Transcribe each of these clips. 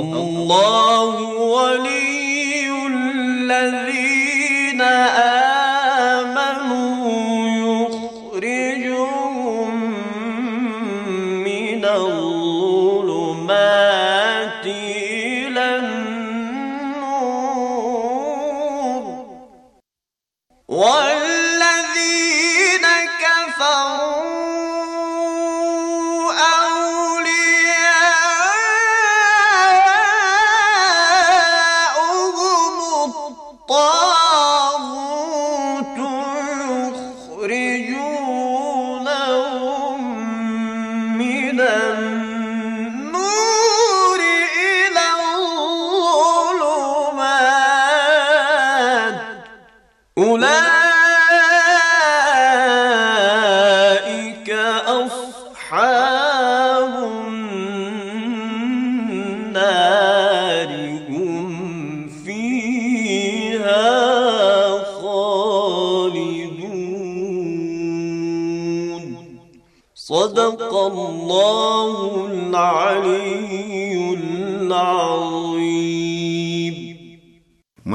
الله ولي الذي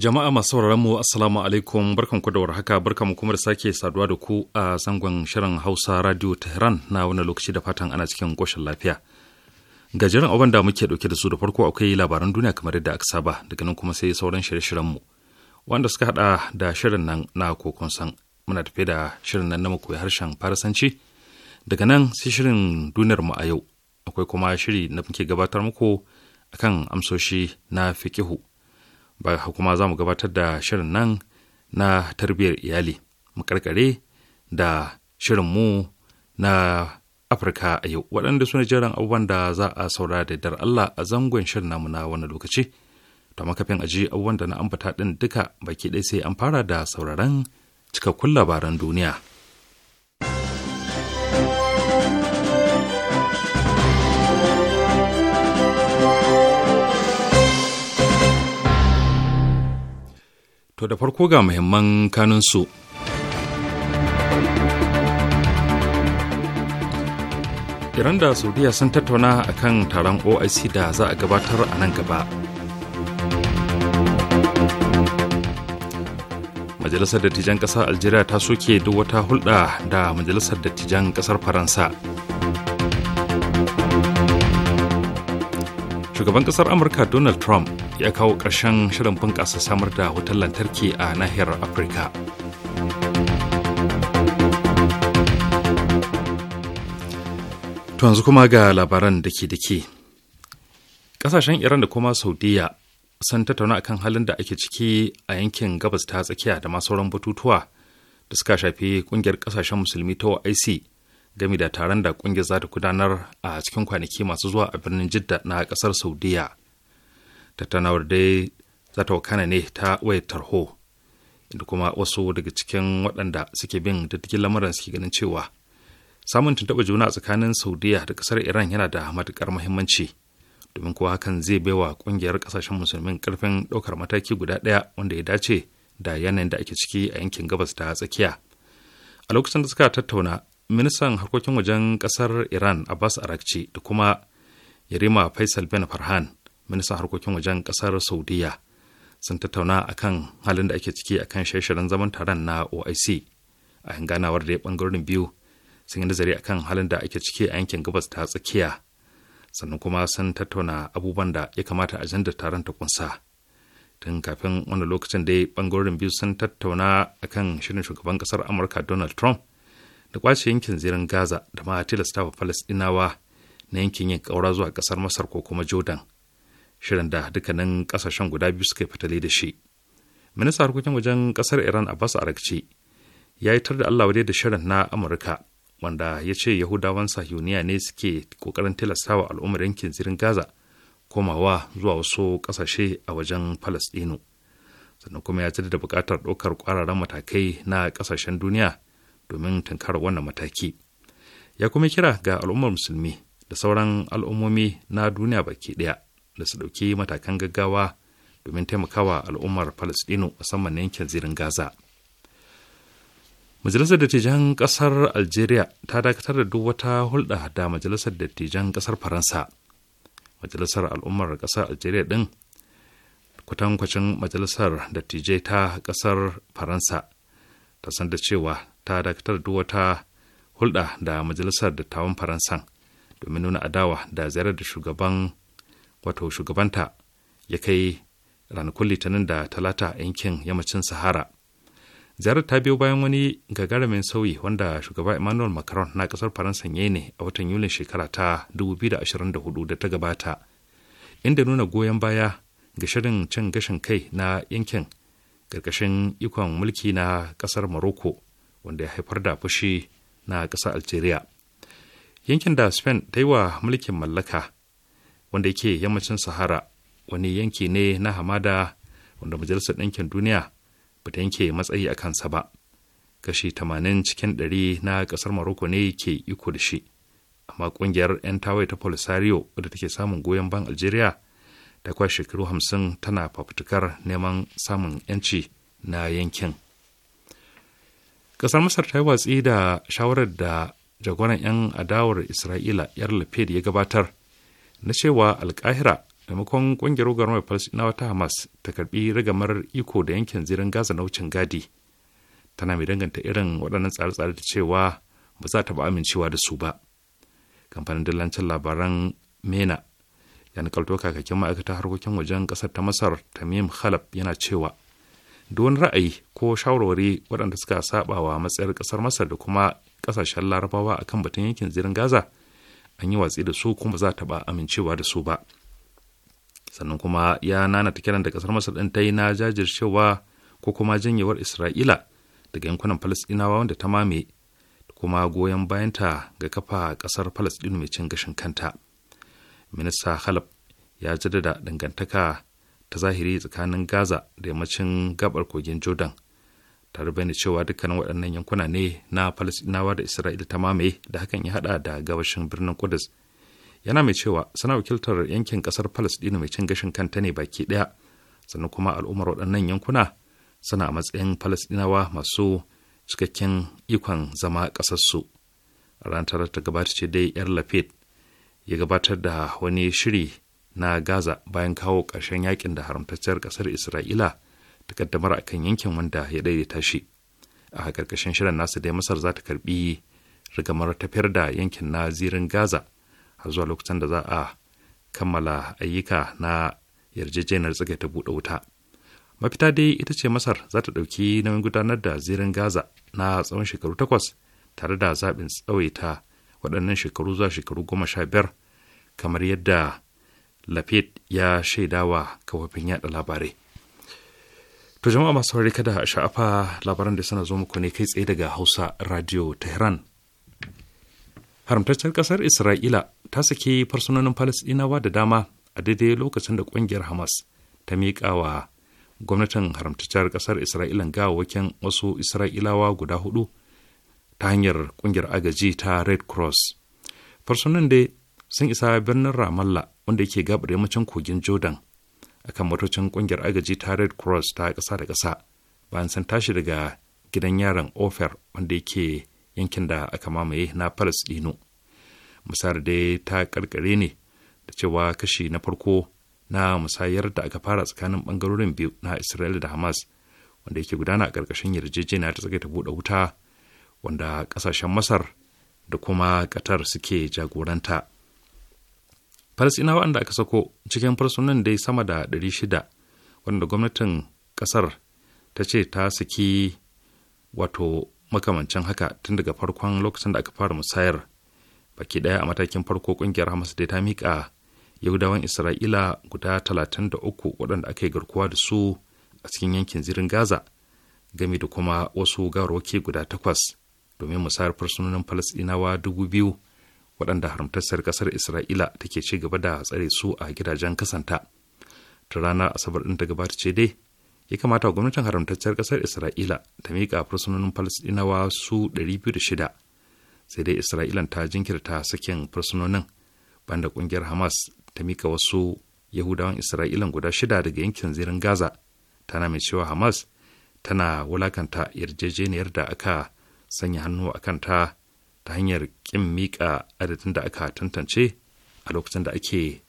Jama'a masu sauraron mu Assalamu alaikum barkanku da warhaka barkanku kuma da sake saduwa da ku a zangon shirin Hausa Radio Tehran na wani lokaci da fatan ana cikin koshin lafiya. Gajeren abin da muke dauke da su da farko akwai labaran duniya kamar yadda aka saba daga nan kuma sai sauran shirye-shiryen mu wanda suka hada da shirin nan na kokon san muna tafe da shirin nan na muku ya harshen farasanci daga nan sai shirin duniyar mu a yau akwai kuma shiri na muke gabatar muku akan amsoshi na fikihu ba kuma za mu gabatar da shirin nan na tarbiyyar iyali mu karkare da shirin mu na afirka a yau waɗanda suna jiran abubuwan da za a saura da dar allah a zangon shirin namu na wani lokaci to makafin aji abubuwan da na ambata ɗin duka baki ɗaya sai an fara da sauraron cikakkun labaran duniya. To da farko ga muhimman kanunsu. Iran da Saudiya sun tattauna a kan taron OIC da za a gabatar a nan gaba. Majalisar Dattijan Ƙasar Algeria ta soke duk wata hulɗa da Majalisar Dattijan Ƙasar Faransa. shugaban kasar amurka donald trump ya kawo ƙarshen shirin bunƙasa samar da wutar lantarki a nahiyar afirka to yanzu kuma ga labaran da ke da ke ƙasashen iran da kuma saudiya sun tattauna akan halin da ake ciki a yankin gabas ta tsakiya da ma sauran batutuwa da suka shafi ƙungiyar ƙasashen musulmi ta oic gami da taron da kungiyar za ta gudanar a cikin kwanaki masu zuwa a birnin jidda na kasar saudiya tattaunawar dai za ta wakana ne ta wayar tarho inda kuma wasu daga cikin waɗanda suke bin diddigin lamarin suke ganin cewa samun tuntuɓa juna a tsakanin saudiya da ƙasar iran yana da matuƙar muhimmanci domin kuwa hakan zai bai wa ƙungiyar ƙasashen musulmin ƙarfin ɗaukar mataki guda ɗaya wanda ya dace da yanayin da ake ciki a yankin gabas ta tsakiya a lokacin da suka tattauna ministan harkokin wajen kasar iran abbas arakci da kuma yarima faisal ben farhan ministan harkokin wajen kasar saudiya sun tattauna akan halin da ake ciki akan shirin zaman taron na oic a ganawar da ya bangarorin biyu sun yi nazari akan halin da ake ciki a yankin gabas ta tsakiya sannan kuma sun tattauna abubuwan da ya kamata a ajandar taron ta kunsa tun kafin wani lokacin dai bangarorin biyu sun tattauna kan shirin shugaban kasar amurka donald trump da kwace yankin zirin Gaza da ma tilastawa Falasɗinawa na yankin yin kaura zuwa ƙasar Masar ko kuma Jordan. Shirin da dukkanin kasashen guda biyu suka yi fitali da shi. Minista harkokin wajen ƙasar Iran Abbas Arakci ya yi tar da Allah wadai da shirin na Amurka wanda ya ce Yahudawan Sahiyuniya ne suke ƙoƙarin tilastawa al'ummar yankin zirin Gaza komawa zuwa wasu ƙasashe a wajen Falasɗinu. Sannan kuma ya da bukatar ɗaukar ƙwararren matakai na ƙasashen duniya domin tunkar wannan mataki ya kuma kira ga al'ummar musulmi da sauran al'ummomi na duniya baki ɗaya da su ɗauki matakan gaggawa domin taimakawa al'ummar Falasɗinu musamman na yankin zirin Gaza. Majalisar Dattijan Ƙasar Algeria ta dakatar da duk wata hulɗa da Majalisar Dattijan Ƙasar Faransa. Majalisar Al'ummar Ƙasar Algeria ɗin kwatankwacin Majalisar Dattijai ta Ƙasar Faransa ta san da cewa ta dakatar da wata hulɗa da majalisar dattawan faransan domin nuna adawa da ziyarar da shugaban wato shugabanta ya kai ranakun litinin da talata yankin yammacin sahara ziyarar ta biyo bayan wani gagarumin sauyi wanda shugaba emmanuel macron na kasar faransa ya ne a watan yulin shekara ta 2024 da ta gabata inda nuna goyon baya ga shirin cin gashin kai na yankin ƙarƙashin ikon mulki na ƙasar morocco wanda ya haifar da fushi na ƙasar algeria yankin da spain ta yi wa mulkin mallaka wanda yake yammacin sahara wani yanki ne na hamada wanda majalisar ɗinkin duniya ba ta yanke matsayi a kansa ba kashi tamanin cikin 100 na ƙasar maroko ne ke iko da shi amma ƙungiyar 'yan tawaye ta polisario wadda take samun goyon ban algeria ta kwa shekaru 50 tana fafutukar neman samun 'yanci na yankin kasar Masar ta yi watsi da shawarar da jagoran 'yan adawar Isra'ila yar da ya gabatar na cewa alkahira maimakon ƙungiyar gwamnatin na wata Hamas ta karbi rigamar iko da yankin zirin Gaza na wucin gadi. Tana mai danganta irin waɗannan tsare-tsare da cewa ba za ta ba amincewa da su ba. Kamfanin dillancin labaran MENA ya nikalto kakakin ma'aikatar harkokin wajen ƙasar ta Masar Tamim halab yana cewa don ra'ayi ko shawarwari waɗanda suka saba wa matsayar ƙasar masar da kuma ƙasashen larabawa a kan batun yankin zirin gaza an yi watsi da su kuma za ta ba amincewa da su ba sannan kuma ya nana ta kiran da ƙasar masar ɗin ta yi na jajircewa ko kuma janyewar isra'ila daga yankunan falasɗinawa wanda ta mame kuma goyon bayanta ga kafa ƙasar falasɗinu mai cin gashin kanta minista halab ya jaddada dangantaka ta zahiri tsakanin gaza da yammacin gabar kogin jordan tare bayyana cewa dukkanin waɗannan yankuna ne na falasɗinawa da isra'ila ta mamaye da hakan ya haɗa da gabashin birnin kudus yana mai cewa suna wakiltar yankin ƙasar falasɗina mai cin gashin kanta ne baki ɗaya sannan kuma al'ummar waɗannan yankuna suna a matsayin falasɗinawa masu cikakken ikon zama ƙasarsu ranar ta gabata ce dai yar Lafid ya gabatar da wani shiri na Gaza bayan kawo ƙarshen yakin da haramtacciyar ƙasar Isra'ila ta kaddamar a kan yankin wanda ya daidaita shi. A ƙarƙashin shirin nasu dai Masar za ta karɓi rigamar tafiyar da yankin na zirin Gaza har zuwa lokacin da za a kammala ayyuka na yarjejeniyar tsagai ta buɗe wuta. Mafita dai ita ce Masar za ta ɗauki nauyin gudanar da zirin Gaza na tsawon shekaru takwas tare da zaɓin tsawaita waɗannan shekaru zuwa shekaru goma sha biyar kamar yadda Lafit ya shaidawa kafofin yada labarai To jama'a masu saurari kada a sha'afa labaran da suna zo muku ne kai tsaye daga Hausa Radio Tehran. Haramtaccen ƙasar Isra'ila ta saki farsunonin Falasɗinawa da dama a daidai lokacin da ƙungiyar Hamas ta miƙa wa gwamnatin haramtaccen ƙasar Isra'ila gawawakin wasu Isra'ilawa guda hudu ta hanyar ƙungiyar agaji ta Red Cross. Farsunan dai sun isa birnin Ramallah wanda yake gabar yammacin kogin jordan akan motocin kungiyar agaji ta red cross ta ƙasa da ƙasa bayan san tashi daga gidan yaron ofer wanda yake yankin da aka mamaye na paris palestino musayar dai ta karkare ne da cewa kashi na farko na musayar da aka fara tsakanin ɓangarorin biyu na israel da hamas wanda yake gudana a ƙarƙashin yarjejeniya ta tsagaita buɗe wuta wanda ƙasashen masar da kuma ƙatar suke jagoranta falasinawa da aka sako cikin fursunan dai sama da 600 wanda gwamnatin kasar ta ce ta saki wato makamancin haka tun daga farkon lokacin da aka fara musayar baki daya a matakin farko kungiyar hamas dai ta mika yahudawan isra'ila guda 33 waɗanda aka yi garkuwa da su a cikin yankin zirin gaza gami da kuma wasu garwaki guda takwas domin musayar fursunonin falasɗinawa dubu biyu waɗanda haramtassar ƙasar isra'ila take ci gaba da tsare su a gidajen kasanta ta ranar asabar ɗin ta gabata ce dai ya kamata gwamnatin haramtacciyar ƙasar isra'ila ta miƙa fursunonin falasɗinawa su biyu da shida sai dai isra'ilan ta jinkirta sakin fursunonin banda ƙungiyar hamas ta miƙa wasu yahudawan isra'ilan guda shida daga yankin zirin gaza tana mai cewa hamas tana wulakanta yarjejeniyar da aka sanya hannu a kanta ta hanyar ƙin miƙa adadin da aka tantance a lokacin da ake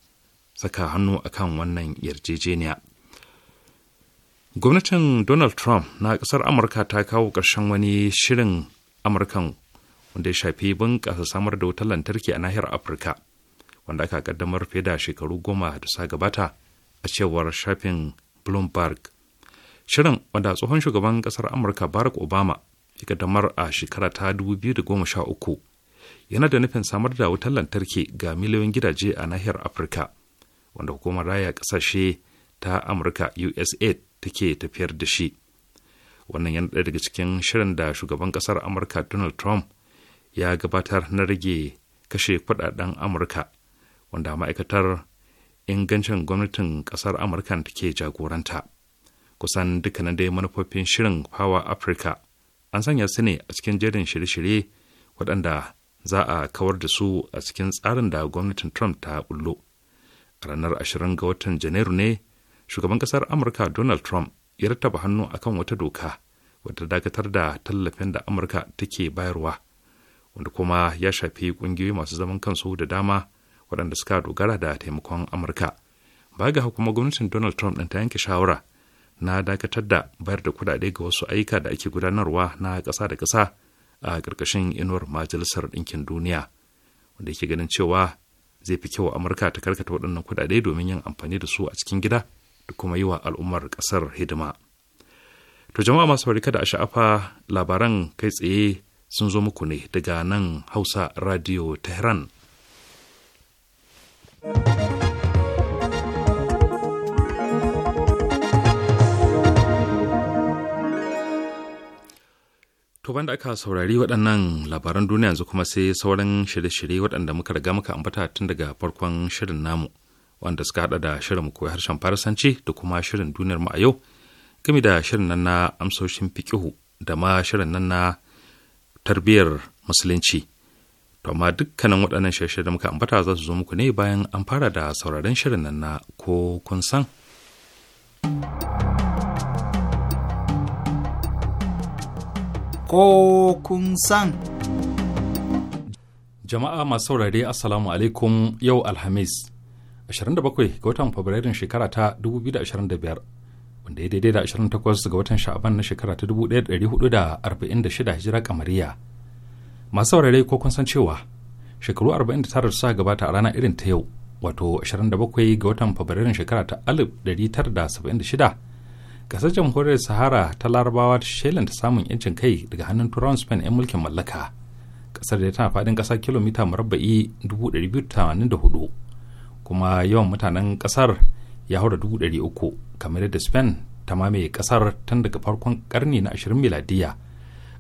saka hannu a kan wannan yarjejeniya. Gwamnatin Donald Trump na ƙasar Amurka ta kawo ƙarshen wani shirin Amurkan wanda ya shafi bunƙasa samar da wutar lantarki a nahiyar Afirka, wanda aka ƙaddamar fiye da shekaru goma da sa gabata a cewar shafin Bloomberg. Shirin wanda tsohon shugaban ƙasar Amurka Barack Obama ya a shekara ta 2013 yana da nufin samar da wutar lantarki ga miliyoyin gidaje a nahiyar afirka wanda hukumar raya kasashe ta amurka usa take tafiyar da shi wannan yana ɗaya daga cikin shirin da shugaban ƙasar amurka donald trump ya gabatar na rage kashe kudaden amurka wanda ma'aikatar ingancin gwamnatin ƙasar amurka take jagoranta kusan dukkanin dai manufofin shirin power africa an sanya su ne a cikin jerin shirye-shirye waɗanda za a kawar da su a cikin tsarin da gwamnatin Trump ta bullo. A ranar 20 ga watan Janairu ne, shugaban ƙasar Amurka Donald Trump ya rattaba hannu akan wata doka wadda dakatar da tallafin da Amurka take bayarwa, wanda kuma ya shafi ƙungiyoyi masu zaman kansu da dama waɗanda suka dogara da taimakon Amurka. ba ga kuma gwamnatin Donald Trump ɗin ta yanke shawara na dakatar da bayar da kudade ga wasu ayyuka da ake gudanarwa na ƙasa da ƙasa a ƙarƙashin inuwar majalisar ɗinkin duniya wanda yake ganin cewa zai fi kyau amurka ta karkata waɗannan kudade domin yin amfani da su a cikin gida da kuma yi wa al'ummar ƙasar hidima to jama'a masu farika da a sha'afa labaran kai tsaye sun zo muku ne daga nan hausa radio tehran To da aka saurari waɗannan labaran duniya yanzu kuma sai sauran shirye-shirye waɗanda muka riga muka ambata tun daga farkon shirin namu wanda suka haɗa da shirin mu koyi harshen Farisanci da kuma shirin duniyar mu a yau game da shirin nan na amsoshin fikihu da ma shirin nan na tarbiyyar musulunci. To amma dukkanin waɗannan shirye-shirye da muka ambata za su zo muku ne bayan an fara da sauraron shirin nan na ko kun san. ko kun san. Jama'a masu saurare Assalamu alaikum yau Alhamis 27 ga watan Fabrairun shekara ta 2025 wanda ya daidai da 28 ga watan Sha'aban na shekara ta 1446 hijira kamariya. Masu saurare ko kun san cewa shekaru 49 suka gabata a rana irin ta yau wato 27 ga watan Fabrairun shekara ta 1976 kasar jamhuriyar sahara ta larabawa ta ta samun yancin kai daga hannun turawan spain 'yan mulkin mallaka kasar da tana faɗin ƙasa kilomita murabba'i 284 kuma yawan mutanen kasar ya haura 300 kamar da spain ta mamaye ƙasar tun daga farkon karni na 20 miladiya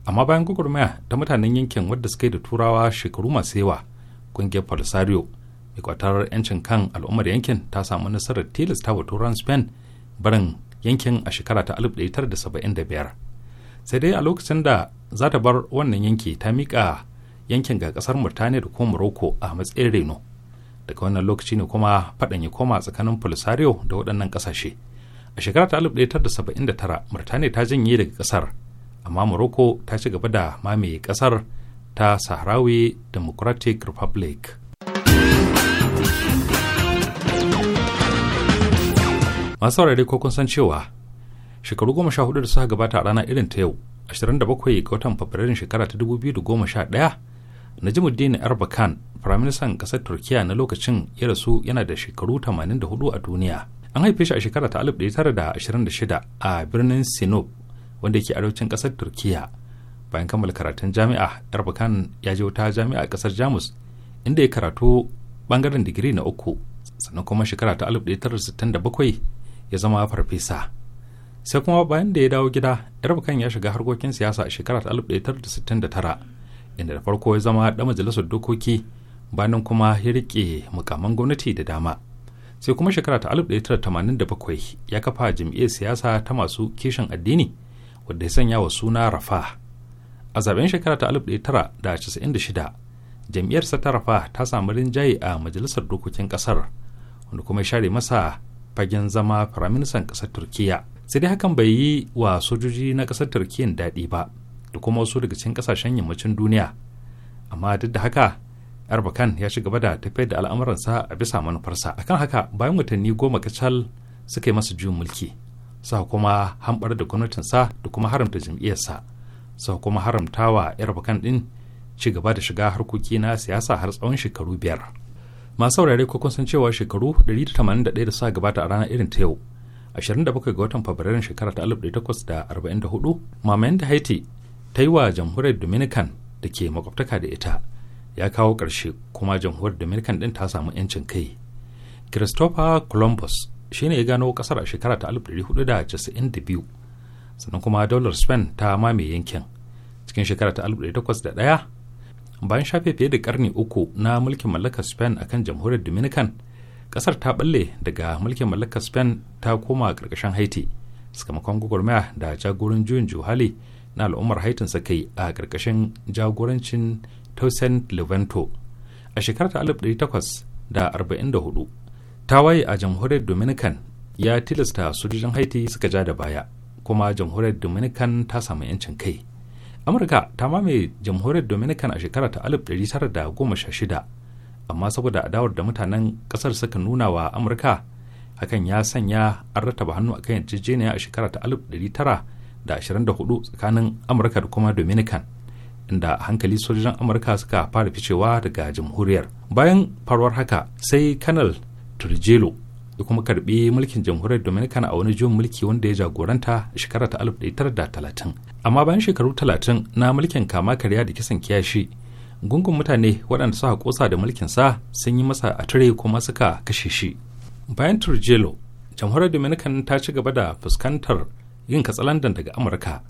amma bayan gwagwarmaya ta mutanen yankin wadda suka yi da turawa shekaru masu yawa ƙungiyar polisario mai kwatar 'yancin kan al'ummar yankin ta samu nasarar tilasta wa turan spain barin yankin a shekara ta 1975 sai dai a lokacin da za ta bar wannan yanki ta miƙa yankin ga ƙasar murtaniya da kuma morocco a matsayin reno daga wannan lokaci ne kuma faɗan ya koma tsakanin polisario da waɗannan ƙasashe a shekara ta 1979 murtaniya ta janye daga ƙasar amma morocco ta ci gaba da mamaye ƙasar ta sahrawi democratic republic masu saurare ko kun san cewa shekaru goma sha hudu da suka gabata a rana irin ta yau 27 ga watan fabrairun shekara ta 2011 najimuddin erbakan firaministan kasar turkiya na lokacin ya rasu yana da shekaru 84 a duniya an haife shi a shekara ta 1926 a birnin sinop wanda yake arewacin kasar turkiya bayan kammala karatun jami'a erbakan ya je wata jami'a kasar jamus inda ya karatu bangaren digiri na uku sannan kuma shekara ta 1967 ya zama farfesa sai kuma bayan da ya dawo gida yarbakan ya shiga harkokin siyasa a shekarar 1969 inda da farko ya zama ɗan majalisar dokoki bayan kuma ya rike mukaman gwamnati da dama sai kuma shekara ta 1987 ya kafa jam'iyyar siyasa ta masu kishin addini wadda ya sanya wa suna rafa a zaben shekara ta 1996 jam'iyyarsa ta rafa ta samu rinjaye a majalisar dokokin kasar wanda kuma ya share masa fagen zama firaministan ƙasar turkiya sai dai hakan bai yi wa sojoji na ƙasar turkiyan daɗi ba da kuma wasu daga cikin ƙasashen yammacin duniya amma duk da haka erbakan ya ci gaba da tafiyar da al'amuransa a bisa manufarsa akan haka bayan watanni goma kacal suka yi masa juyin mulki sa kuma hambar da gwamnatinsa da kuma haramta jam'iyyarsa sa kuma haramtawa erbakan ɗin ci gaba da shiga harkoki na siyasa har tsawon shekaru biyar masu saurare ko kun san cewa shekaru 181 da suka gabata a ranar irin ta yau 27 ga watan fabrairun shekara ta 1844 mamayen da haiti ta yi wa jamhuriyar dominican da ke makwabtaka da ita ya kawo ƙarshe kuma jamhuriyar dominican ɗin ta samu 'yancin kai christopher columbus shine ya gano kasar a shekara ta 1492 sannan kuma dollar spain ta mame yankin cikin shekara ta 1801 bayan shafe fiye da karni uku na mulkin mallakar spain akan jamhuriyar dominican kasar ta balle daga mulkin mallakar spain ta koma karkashin haiti sakamakon gwagwarmaya da jagoran juyin juhali na al'ummar haitin sa kai a karkashin jagorancin tausen levanto a shekarar ta waye a jamhuriyar dominican ya tilasta sojojin haiti suka ja da baya kuma jamhuriyar dominican ta samu 'yancin kai amurka ta mamaye jamhuriyar dominican a shekara ta 1916 amma saboda adawar da mutanen kasar suka nuna wa amurka hakan ya sanya an rataba hannu akan yarjejeniya a shekara ta 1924 tsakanin amurka da kuma dominican inda hankali sojojin amurka suka fara ficewa daga jamhuriyar bayan faruwar haka sai kanal turjelo ya kuma karbi mulkin jamhuriyar dominican a wani juyin mulki wanda ya jagoranta a shekara ta talatin amma bayan shekaru talatin na mulkin kama karya da kisan kiyashi gungun mutane waɗanda suka kosa da mulkin sa sun yi masa a tare kuma suka kashe shi bayan turjelo jamhuriyar dominican ta ci gaba da fuskantar yin katsalandan daga amurka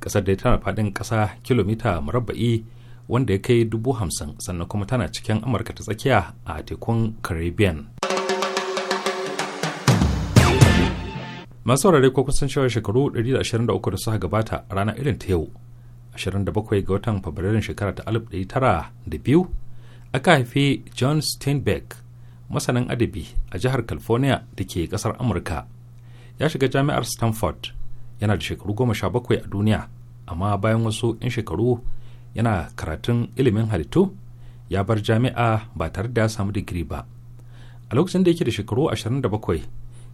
ƙasar da tana faɗin ƙasa kilomita murabba'i wanda ya kai dubu hamsin sannan kuma tana cikin amurka ta tsakiya a tekun caribbean masu saurare ko kusan cewa shekaru 123 da suka gabata a ranar irin ta yau 27 ga watan fabrairun shekara ta 1902 aka haifi john steinbeck masanin adabi a jihar california da ke kasar amurka ya shiga jami'ar stanford yana da shekaru 17 a duniya amma bayan wasu 'yan shekaru yana karatun ilimin halittu ya bar jami'a ba tare da ya samu digiri ba a lokacin da yake da shekaru 27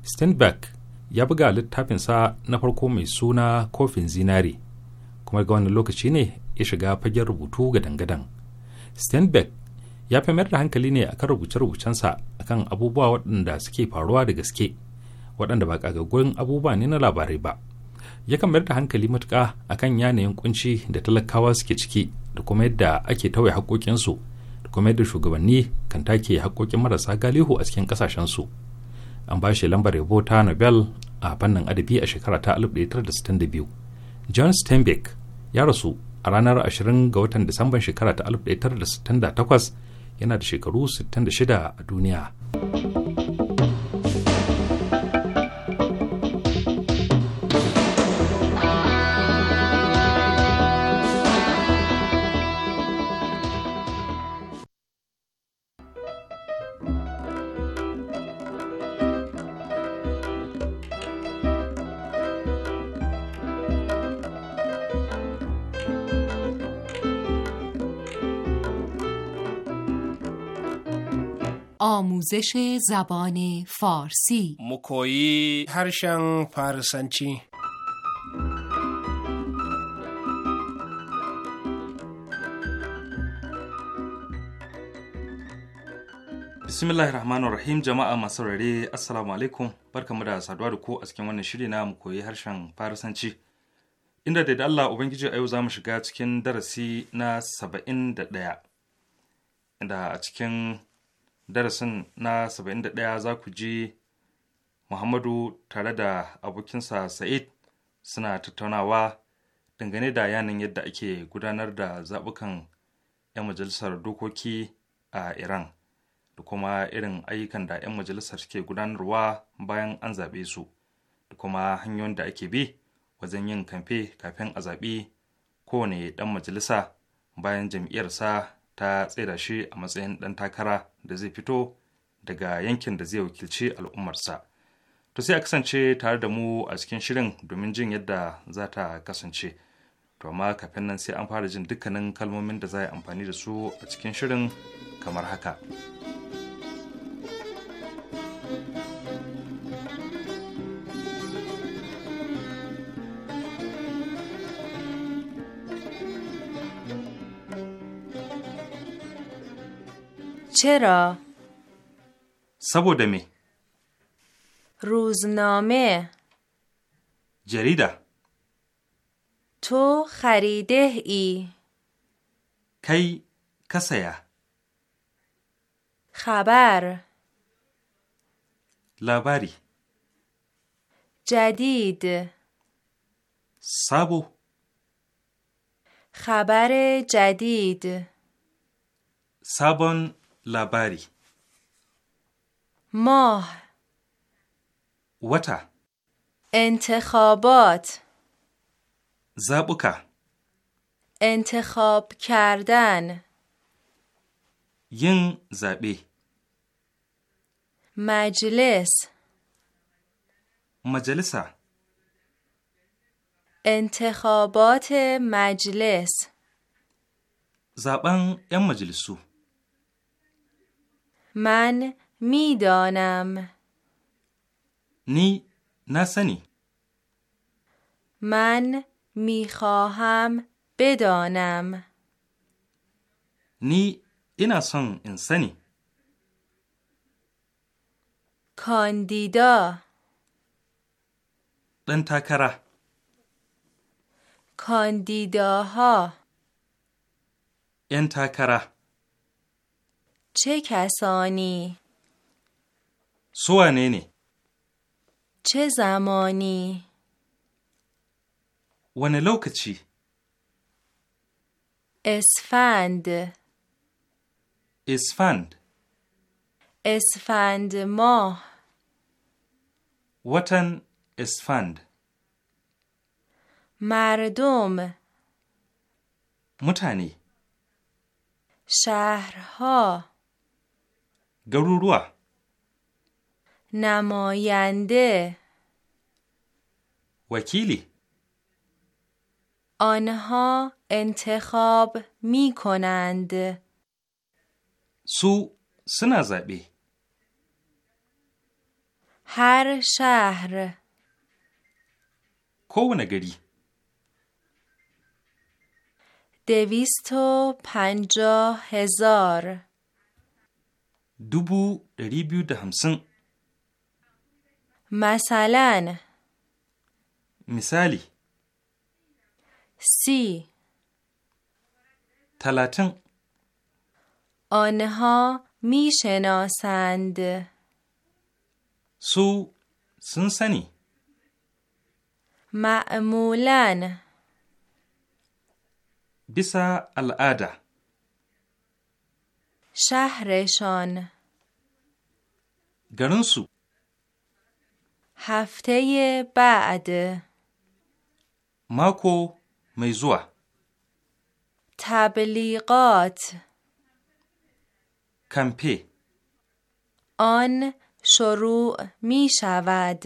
steinbeck ya buga littafinsa na farko mai suna kofin zinari kuma ga wani lokaci ne ya shiga fagen rubutu ga dangadan steinbeck ya fi mayar da hankali ne akan rubuce-rubucensa akan abubuwa waɗanda suke faruwa da gaske waɗanda ba ƙagaggun abubuwa ne na labarai ba yakan mayar da hankali matuƙa akan yanayin kunci da talakawa suke ciki da kuma yadda ake tauye haƙoƙinsu da kuma yadda shugabanni kan take haƙoƙin marasa galihu a cikin ƙasashensu. an ba shi lambar yabo ta nobel a fannin adabi a shekara ta 1962 john steinbeck ya rasu a ranar 20 ga watan disamban shekara ta 1968 yana da shekaru 66 a duniya. آموزش زبان فارسی مکویی هرشن فارسنچی bismillahir rahmanir rahim jama'a masu rare assalamu alaikum barkamu da saduwa da ku a cikin wannan shiri mu koyi harshen farisanci inda da Allah ubangiji a yau zamu shiga cikin darasi na saba'in da ɗaya inda a cikin darasin na 71 za ku ji Muhammadu tare da abokinsa Sa'id suna tattaunawa dangane da yanin yadda ake gudanar da zaɓukan 'yan majalisar dokoki a Iran da kuma irin ayyukan da 'yan majalisar suke gudanarwa bayan an zaɓe su da kuma hanyoyin da ake bi wajen yin kamfe kafin a zaɓi kowane ɗan majalisa bayan jam'iyyarsa ta tsaida shi a matsayin ɗan takara. da zai fito daga yankin da zai wakilci al'ummarsa. To sai a kasance tare da mu a cikin shirin domin jin yadda za ta kasance. To amma kafin nan sai an fara jin dukkanin kalmomin da za a yi amfani da su a cikin shirin kamar haka. چرا؟ سبوده می روزنامه جریده تو خریده ای کی کسیه خبر لبری جدید سبو خبر جدید سبان لاباری ماه وتا انتخابات زبوکا انتخاب کردن ین زبی مجلس مجلسا انتخابات مجلس زبان یم مجلسو من میدانم نی نسنی من میخواهم بدانم نی اینا سن انسانی کاندیدا انتکره. کاندیداها انتکره. چه کسانی؟ سوانینی چه زمانی؟ ون لوکچی اسفند اسفند اسفند ماه وطن اسفند مردم متنی شهرها گروروا نماینده وکیلی آنها انتخاب می کنند سو زبه هر شهر کوونگری دویست و پنجاه هزار dubu ɗari biyu da hamsin. Masalan. Misali. Si. Talatin. Onha mi shenasand. Su sun sani. Ma'amulan. Bisa al'ada. شهرشان گرنسو هفته بعد ماکو میزوه تبلیغات کمپی آن شروع می شود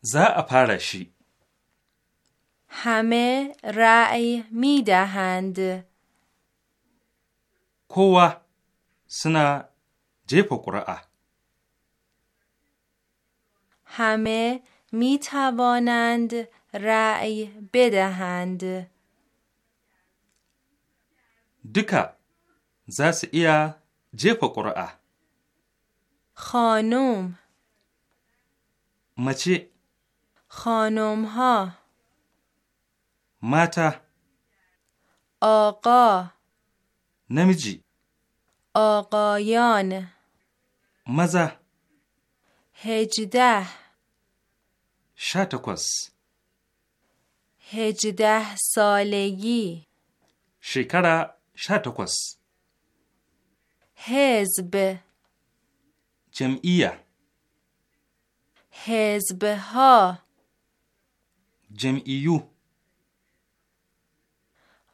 زا اپارشی همه رأی می دهند کوه سنا جیپا قرآ همه می توانند رأی بدهند دکا زاس ایا جیپا قرآ خانوم مچی خانوم ها ماتا آقا نمیجی آقایان مزه هجده شتکس هجده سالگی شکر شتکس حزب جمعیه حزبها. ها جمعیو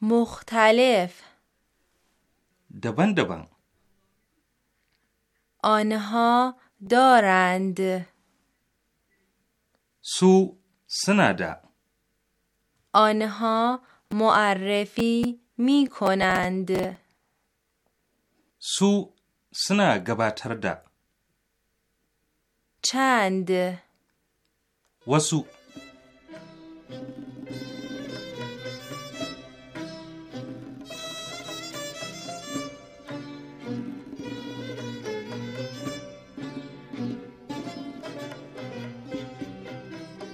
مختلف دبن آنها دارند سو سنادا آنها معرفی می کنند سو سنا گباتر چند وسو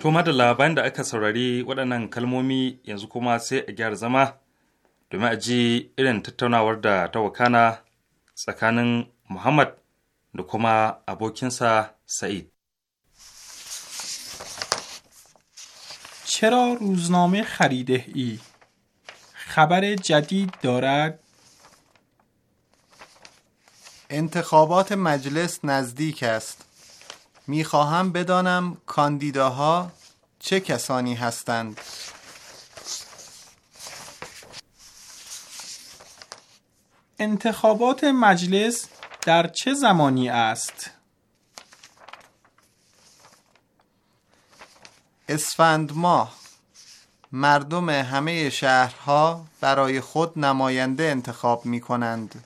To da labarin da aka saurari waɗannan kalmomi yanzu kuma sai a gyara zama domin a ji irin tattaunawar da ta wakana tsakanin Muhammad da kuma abokinsa Sa'id. چرا روزنامه خریده ای؟ خبر جدید دارد؟ انتخابات مجلس نزدیک می بدانم کاندیداها چه کسانی هستند؟ انتخابات مجلس در چه زمانی است؟ اسفند ماه مردم همه شهرها برای خود نماینده انتخاب می کنند.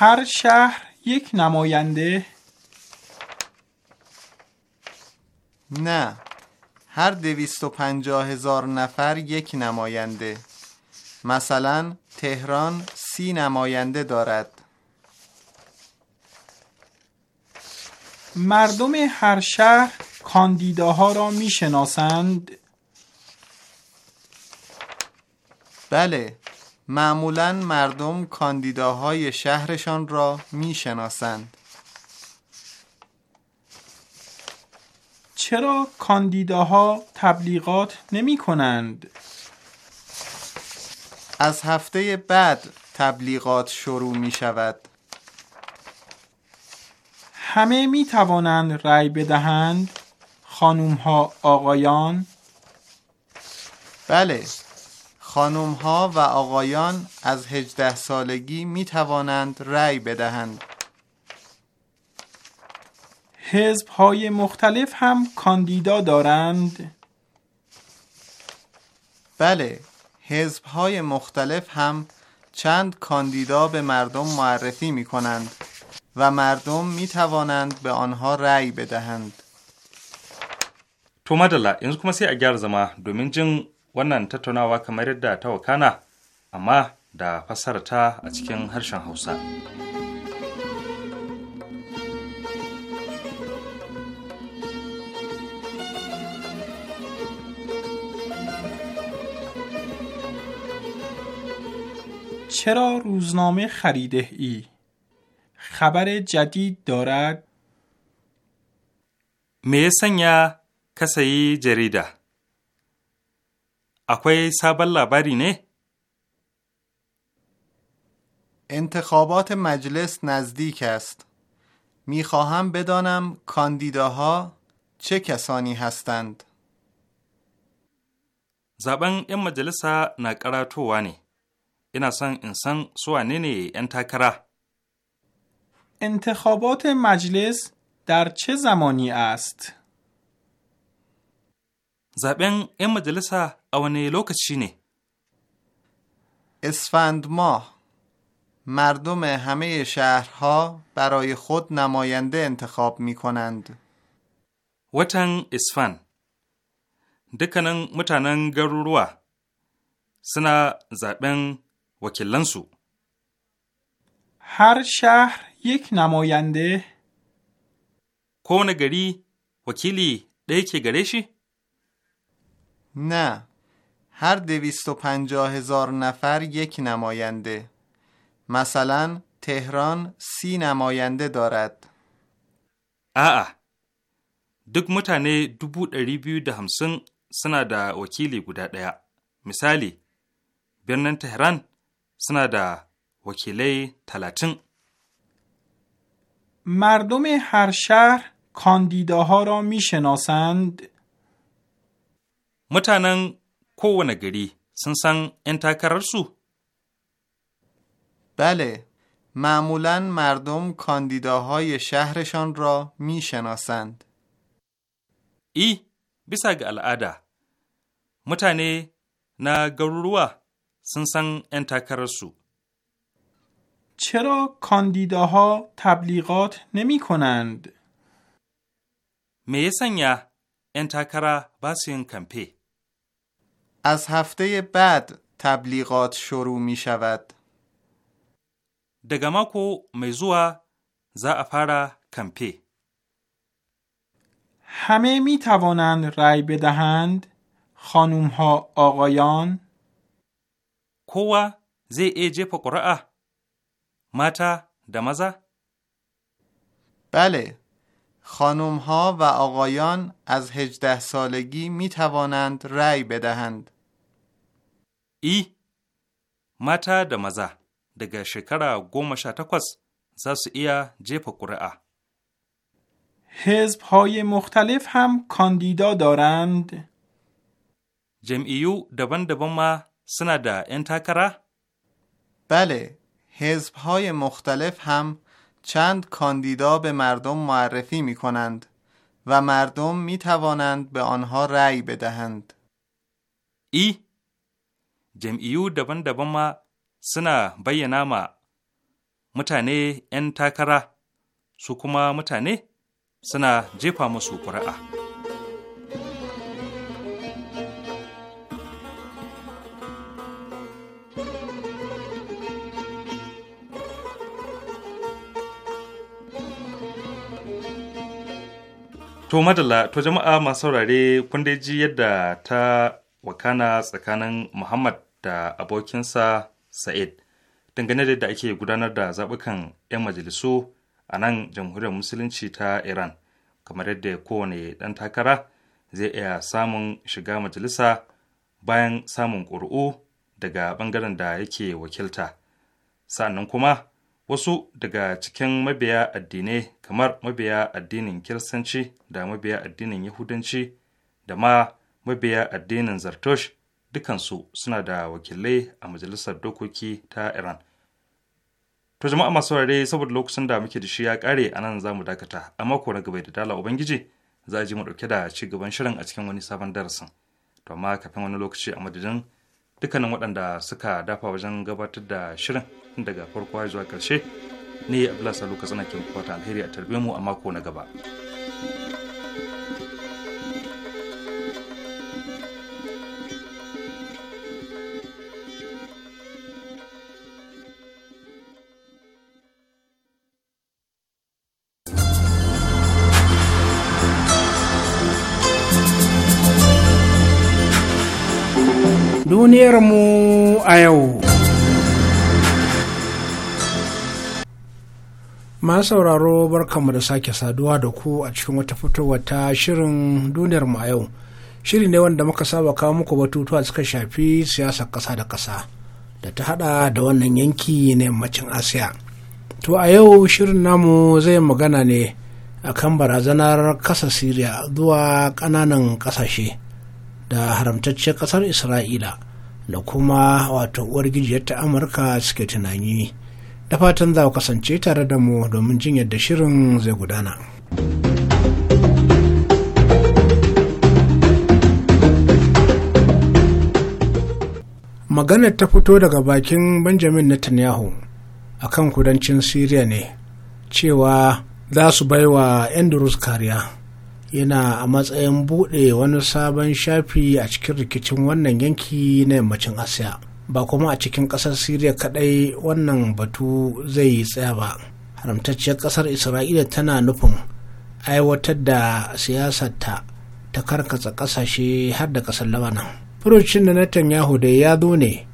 هر شهر یک نماینده نه هر دویست و پنجاه هزار نفر یک نماینده مثلا تهران سی نماینده دارد مردم هر شهر کاندیداها را میشناسند بله معمولا مردم کاندیداهای شهرشان را میشناسند چرا کاندیداها تبلیغات نمی کنند؟ از هفته بعد تبلیغات شروع می شود همه می توانند رأی بدهند خانم ها آقایان بله خانم ها و آقایان از هجده سالگی می توانند رأی بدهند. حزب های مختلف هم کاندیدا دارند؟ بله، حزب های مختلف هم چند کاندیدا به مردم معرفی می کنند و مردم می توانند به آنها رأی بدهند. تو مدلا، این اگر زمان دومین wannan tattaunawa kamar yadda ta wakana amma da fasarta a cikin harshen hausa چرا روزنامه خریده ای؟ خبر جدید دارد؟ میسن یا کسی جریده اکوی سابل labari انتخابات مجلس نزدیک است. خواهم بدانم کاندیداها چه کسانی هستند. زبان این مجلس ها وانی. تو وانی. این اصلا انسان انتخابات مجلس در چه زمانی است؟ زبان این مجلس a wane lokaci ne اسفند ماه مردم همه شهرها برای خود نماینده انتخاب می کنند. وطن اسفند دکنن متنن گروروا سنا زبن وکلنسو هر شهر یک نماینده کون گری وکیلی دیکی گریشی؟ نه هر دویست و پنجاه هزار نفر یک نماینده مثلا تهران سی نماینده دارد آه دک متانه دوبود بیو ده همسن سنا دا وکیلی بوده دیا مثالی بیرنن تهران سنا وکیلی تلاتن مردم هر شهر کاندیداها را میشناسند شناسند کوونه گری سن سن ان بله معمولا مردم کاندیداهای شهرشان را میشناسند ای bisa ga al'ada, mutane na garuruwa sun san چرا کاندیداها تبلیغات نمی کنند؟ me ya sanya ‘yan از هفته بعد تبلیغات شروع می شود. دگماکو میزوا زا افارا کمپی همه می توانند رأی بدهند خانم ها آقایان کوا زی ایجه پا ماتا دمزا بله خانم و آقایان از هجده سالگی می توانند رأی بدهند. ای متا د مزا daga shekara گومه شا takwas زاس حزب های مختلف هم کاندیدا دارند. جمعیو دبن ما سنا دا انتکره؟ بله، حزب های مختلف هم چند کاندیدا به مردم معرفی می کنند و مردم می توانند به آنها رأی بدهند. ای جمعیو دبن دبن ما سنا بینا ما متانه ان تاکرا سو kuma متانه سنا To madalla to jama'a masu saurare kun dai ji yadda ta wakana tsakanin Muhammad da abokinsa Sa'id dangane da yadda ake gudanar da zaɓukan 'yan majalisu a nan jamhuriyar musulunci ta Iran kamar yadda kowane ɗan takara zai iya samun shiga majalisa bayan samun ƙuri'u daga ɓangaren da yake wakilta. sannan kuma wasu daga cikin mabiya addinai kamar mabiya addinin kiristanci da mabiya addinin yahudanci da ma mabiya addinin zartosh dukansu suna da wakilai a majalisar dokoki ta iran to jama'a masu saurare saboda lokacin da muke da shi ya kare a nan za mu dakata a mako na gaba da dala ubangiji za a ji mu dauke da ci gaban shirin a cikin wani sabon darasin to amma kafin wani lokaci a madadin dukkanin waɗanda suka dafa wajen gabatar da shirin daga farko zuwa ƙarshe ne abdullahi ka tsanakin kwata alheri a tarbe mu a mako na gaba. duniyarmu a yau. Masu sauraro barkanmu da sake saduwa da ku a cikin wata fitowa ta shirin duniyarmu a yau. Shiri ne wanda muka saba kawo muku batutuwa suka shafi siyasar ƙasa da ƙasa da ta haɗa da wannan yanki na yammacin Asiya. To a yau shirin namu zai magana ne akan barazanar kasa Siriya zuwa ƙananan ƙasashe. da haramtacciyar ƙasar isra'ila da kuma wato uwar gijiyar ta amurka suke tunani da fatan za ku kasance tare da mu domin jin yadda shirin zai gudana. maganar ta fito daga bakin benjamin netanyahu a kan kudancin syria ne cewa za su baiwa 'yan durus kariya yana a matsayin buɗe wani sabon shafi a cikin rikicin wannan yanki na yammacin asiya ba kuma a cikin ƙasar siriya kaɗai wannan batu zai yi tsaya ba haramtacciyar ƙasar isra'ila tana nufin aiwatar da siyasarta ta karkatsa ƙasashe har da ƙasar labanan furucin da netanyahu da ya zo ne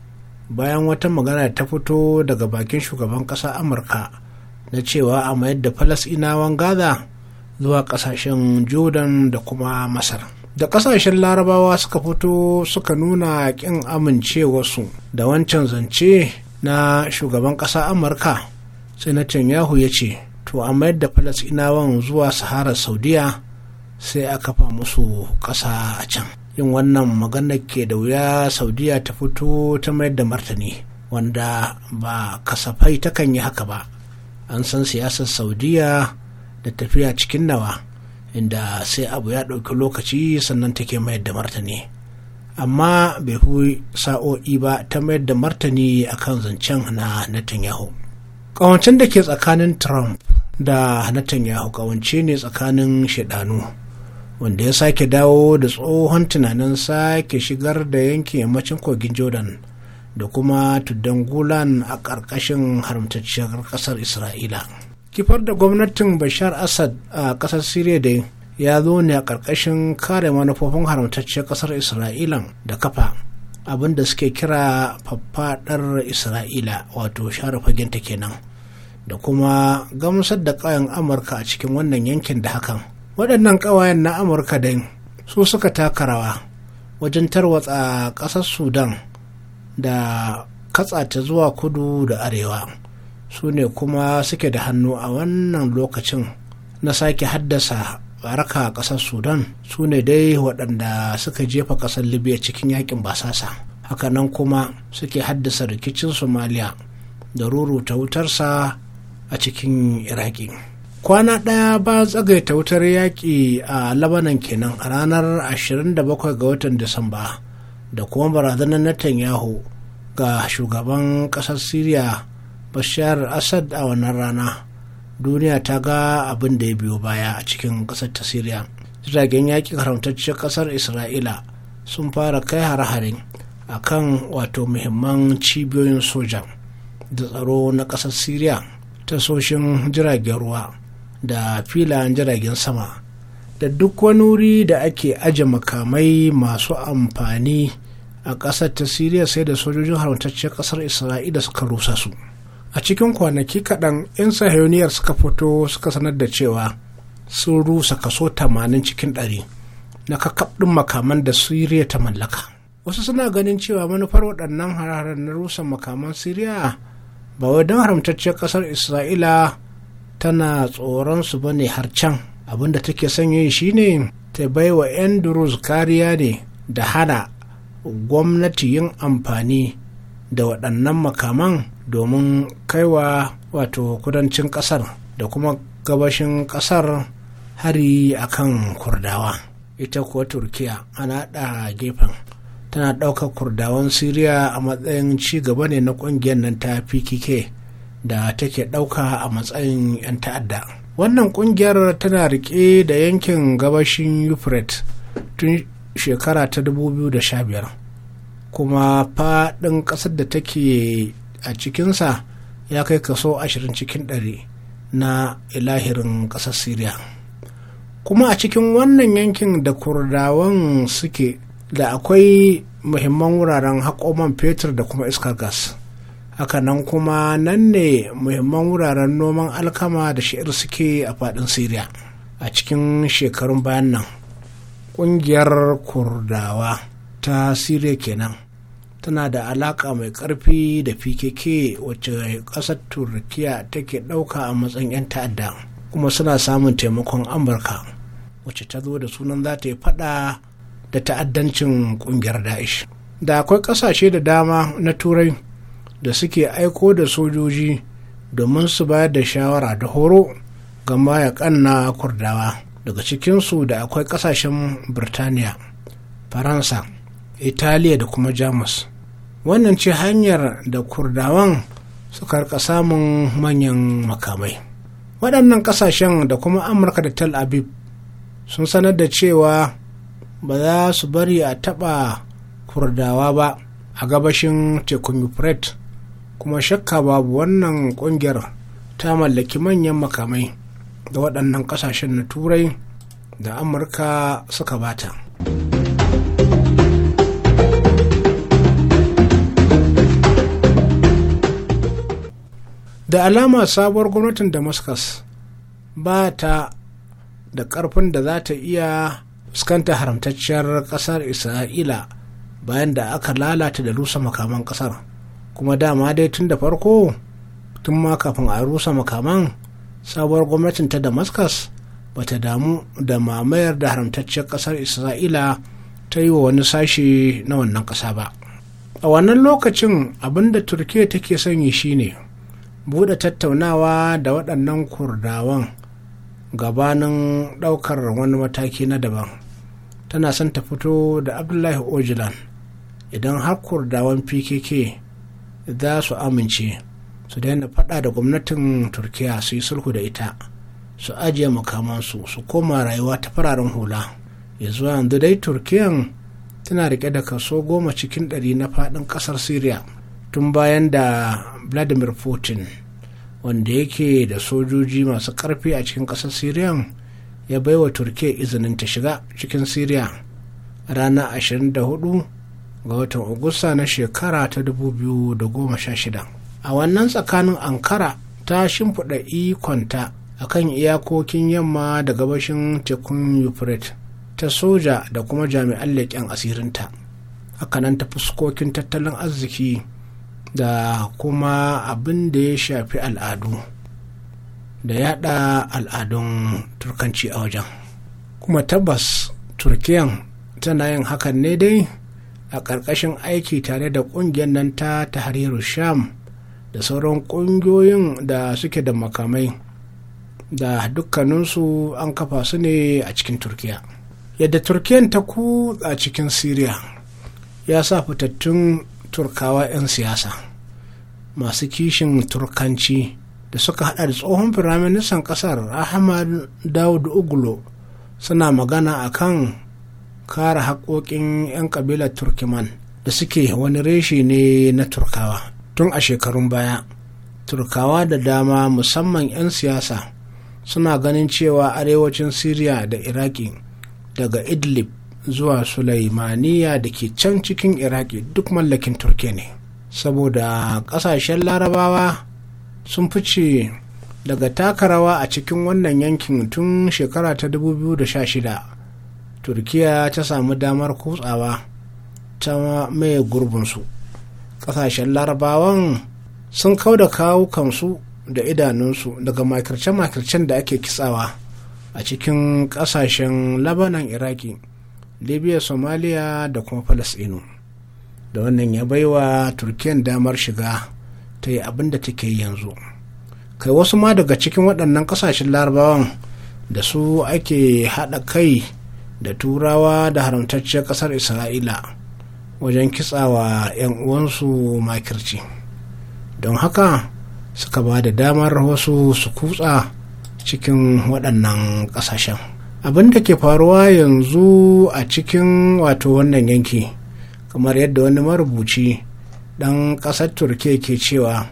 bayan wata magana ta fito daga bakin shugaban ƙasar amurka na cewa a mayar da falasinawan gaza zuwa kasashen jordan da kuma masar da kasashen larabawa suka fito suka nuna kin amincewarsu da wancan zance na shugaban ƙasa amurka sai na yahu ya ce to a mayar da falasinawan zuwa sahara saudiya sai a kafa musu ƙasa a can yin wannan maganar ke da wuya saudiya ta fito ta mayar da martani wanda ba kasafai takan yi haka ba an san siyasar saudiya da tafiya cikin nawa inda sai abu ya ɗauki lokaci sannan take mayar da martani amma bai fi sa'o'i ba ta mayar da martani a kan zancen na Netanyahu. ƙawancen da ke tsakanin trump da Netanyahu ƙawance ne tsakanin shidanu wanda ya sake dawo da tsohon tunanin sake shigar da yankin yammacin kogin jordan da kuma tuddan gulan a ƙarƙashin haramtacciyar ƙasar isra'ila kifar da gwamnatin bashar assad a ƙasar siriya dai ya zo ne a ƙarƙashin kare manufofin haramtacciyar ƙasar isra'ilan da kafa abinda suke kira faffaɗar isra'ila wato share faginta kenan da kuma gamsar da ƙawayen amurka a cikin wannan yankin da hakan waɗannan ƙawayen na amurka dai su suka taka rawa wajen tarwatsa ƙasar sudan da katsata zuwa kudu da arewa su ne kuma suke da hannu a wannan lokacin na sake haddasa baraka a ƙasar sudan su ne dai waɗanda suka jefa ƙasar libya cikin yakin basasa nan kuma suke haddasa rikicin somaliya da ruruta wutarsa a cikin iraki kwana ɗaya ba tsagaita wutar yaƙi a labanan kenan a ranar 27 ga watan disamba da kuma barazanar netanyahu ga shugaban ƙasar siriya bashar asad a wannan rana duniya ta ga abin da ya biyo baya a cikin ƙasar ta siriya jiragen yaƙi haramtacce ƙasar isra'ila sun fara kai hare-hare a kan wato muhimman cibiyoyin soja da tsaro na ƙasar siriya tasoshin jiragen ruwa da filayen jiragen sama da duk wani wuri da ake aje makamai masu amfani a ƙasar ta siriya sai da sojojin haramtacce ƙasar isra'ila suka rusa su a cikin kwanaki kaɗan 'yan sahiyoniyar suka fito suka sanar da cewa sun rusa kaso 80 cikin 100 na kakabɗin makaman da siriya ta mallaka wasu suna ganin cewa manufar waɗannan hararen na rusa makaman siriya ba wai don haramtacciyar ƙasar isra'ila tana tsoron su ba ne har can abinda take son yi ne ta bai wa 'yan kariya ne da hana gwamnati yin amfani da waɗannan makaman domin kaiwa wato kudancin ƙasar da kuma gabashin ƙasar hari a kan kurdawa ita kuwa turkiya ana haɗa gefen tana ɗaukar kurdawan siriya a matsayin ci gaba ne na ƙungiyar nan ta pkk da take ɗauka a matsayin 'yan ta'adda wannan ƙungiyar tana riƙe da yankin gabashin euphrates tun shekara ta 2015 kuma faɗin ƙasar da take a cikinsa ya kai kaso ashirin cikin ɗari na ilahirin ƙasar siriya kuma a cikin wannan yankin da kurdawan suke da akwai muhimman wuraren haƙoman fetur da kuma iskar gas hakanan kuma nan ne muhimman wuraren noman alkama da shi'ir suke a faɗin siriya a cikin shekarun bayan nan ƙungiyar kurdawa ta siriya kenan tana da alaka mai karfi da pkk wacce kasar turkiya take dauka a matsayin 'yan ta'adda kuma suna samun taimakon amurka wacce ta zo da sunan za ta yi fada da ta'addancin kungiyar da'ish? da akwai kasashe da dama na turai da suke aiko da sojoji domin su bayar da shawara da horo ga mayakan na kurdawa daga cikinsu da akwai kasashen birtaniya faransa italiya da kuma jamus wannan ce hanyar da kurdawan suka rika samun manyan makamai waɗannan ƙasashen da kuma amurka da tel aviv sun sanar da cewa ba za su bari a taɓa kurdawa ba a gabashin tekun euphrates kuma shakka babu wannan ƙungiyar ta mallaki manyan makamai da waɗannan ƙasashen na turai da amurka suka bata. da alama sabuwar gwamnatin damascus ba ta da ƙarfin da za ta iya fuskanta haramtacciyar ƙasar isra'ila bayan da aka lalata da rusa makaman ƙasar kuma dama dai tun da farko tun ma kafin a rusa makaman sabuwar gwamnatin ta damascus ba ta damu da mamayar da haramtacciyar ƙasar isra'ila ta yi wa wani sashe na wannan ƙasa ba a wannan lokacin abinda da turkiya take son yi shine buɗe tattaunawa da waɗannan kurdawan gabanin ɗaukar wani mataki na daban tana son ta fito da abdullahi ojilan idan har kurdawan pkk za su amince su daina faɗa da gwamnatin turkiya su yi sulhu da ita su ajiye makamansu su koma rayuwa ta fararen hula ya zuwa yanzu dai turkiyan tana rike da kaso goma cikin ɗari na faɗin ƙasar syria tun bayan da vladimir putin wanda yake da sojoji masu karfi a cikin ƙasar syria ya baiwa turkiya izinin ta shiga cikin syria ranar 24 ga watan agusta na shekara ta 2016 a wannan tsakanin ankara ta shimfiɗa ikonta a kan iyakokin yamma da gabashin tekun euphrates ta soja da kuma jami'an leƙen asirinta hakanan ta fuskokin tattalin arziki da kuma abin da ya shafi al'adu da yada al'adun turkanci a wajen kuma tabbas turkiyan tana yin hakan ne dai a ƙarƙashin aiki tare da ƙungiyar nan ta tahariru sham da sauran ƙungiyoyin da suke da makamai da dukkaninsu an kafa su ne a cikin turkiya yadda turkiyan ta kutsa cikin syria ya sa fitattun turkawa 'yan siyasa masu kishin turkanci da suka hada da tsohon firaministan kasar ahmad daud ugulo suna magana a kan kare haƙoƙin 'yan ƙabilar turkiman da suke wani reshe ne na turkawa tun a shekarun baya turkawa da dama musamman 'yan siyasa suna ganin cewa arewacin syria da iraki daga idlib zuwa sulaimaniya da ke can cikin iraki duk mallakin turke ne saboda kasashen larabawa sun fice daga takarawa a cikin wannan yankin tun shekara ta 2016 turkiya ta samu damar kutsawa ta mai gurbinsu kasashen larabawan sun kau da kawo kansu da idanunsu daga makirce-makircen da ake kitsawa a cikin kasashen labanan iraki libya somalia da kuma falasɗinu da wannan ya baiwa turkiyan damar shiga ta yi abin da take yanzu kai wasu ma daga cikin waɗannan ƙasashen larabawan da su ake haɗa kai da turawa da haramtacciyar ƙasar isra'ila wajen kitsawa 'yan uwansu makirci don haka suka ba da damar wasu su kutsa cikin waɗannan ƙasashen. abin da ke faruwa yanzu a cikin wato wannan yanki kamar yadda wani marubuci ɗan ƙasar turkiya ke cewa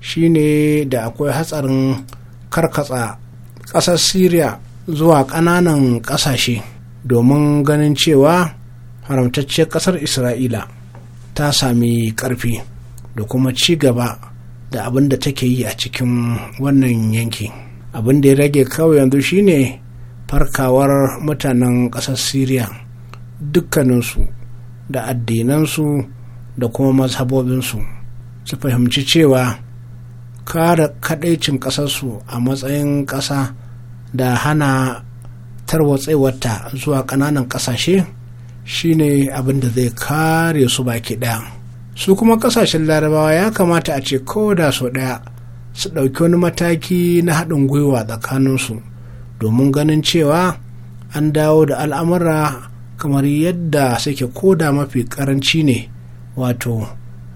shine da akwai hatsarin karkatsa ƙasar syria zuwa ƙananan ƙasashe domin ganin cewa haramtacciyar ƙasar isra'ila ta sami ƙarfi da kuma ci gaba da abin da take yi a cikin wannan yanki abin da ya rage kawai yanzu shine farkawar mutanen ƙasar syria dukkaninsu da addinansu da kuma mazhabobinsu su fahimci cewa kare kadaicin ƙasarsu a matsayin ƙasa da hana tarwatsewarta zuwa ƙananan ƙasashe shine abin da zai kare su baki ɗaya su kuma ƙasashen larabawa ya kamata a ce ko da sau ɗaya su ɗauki wani mataki na haɗin gwiwa tsakaninsu domin ganin cewa an dawo da al'amura kamar yadda suke koda mafi karanci ne wato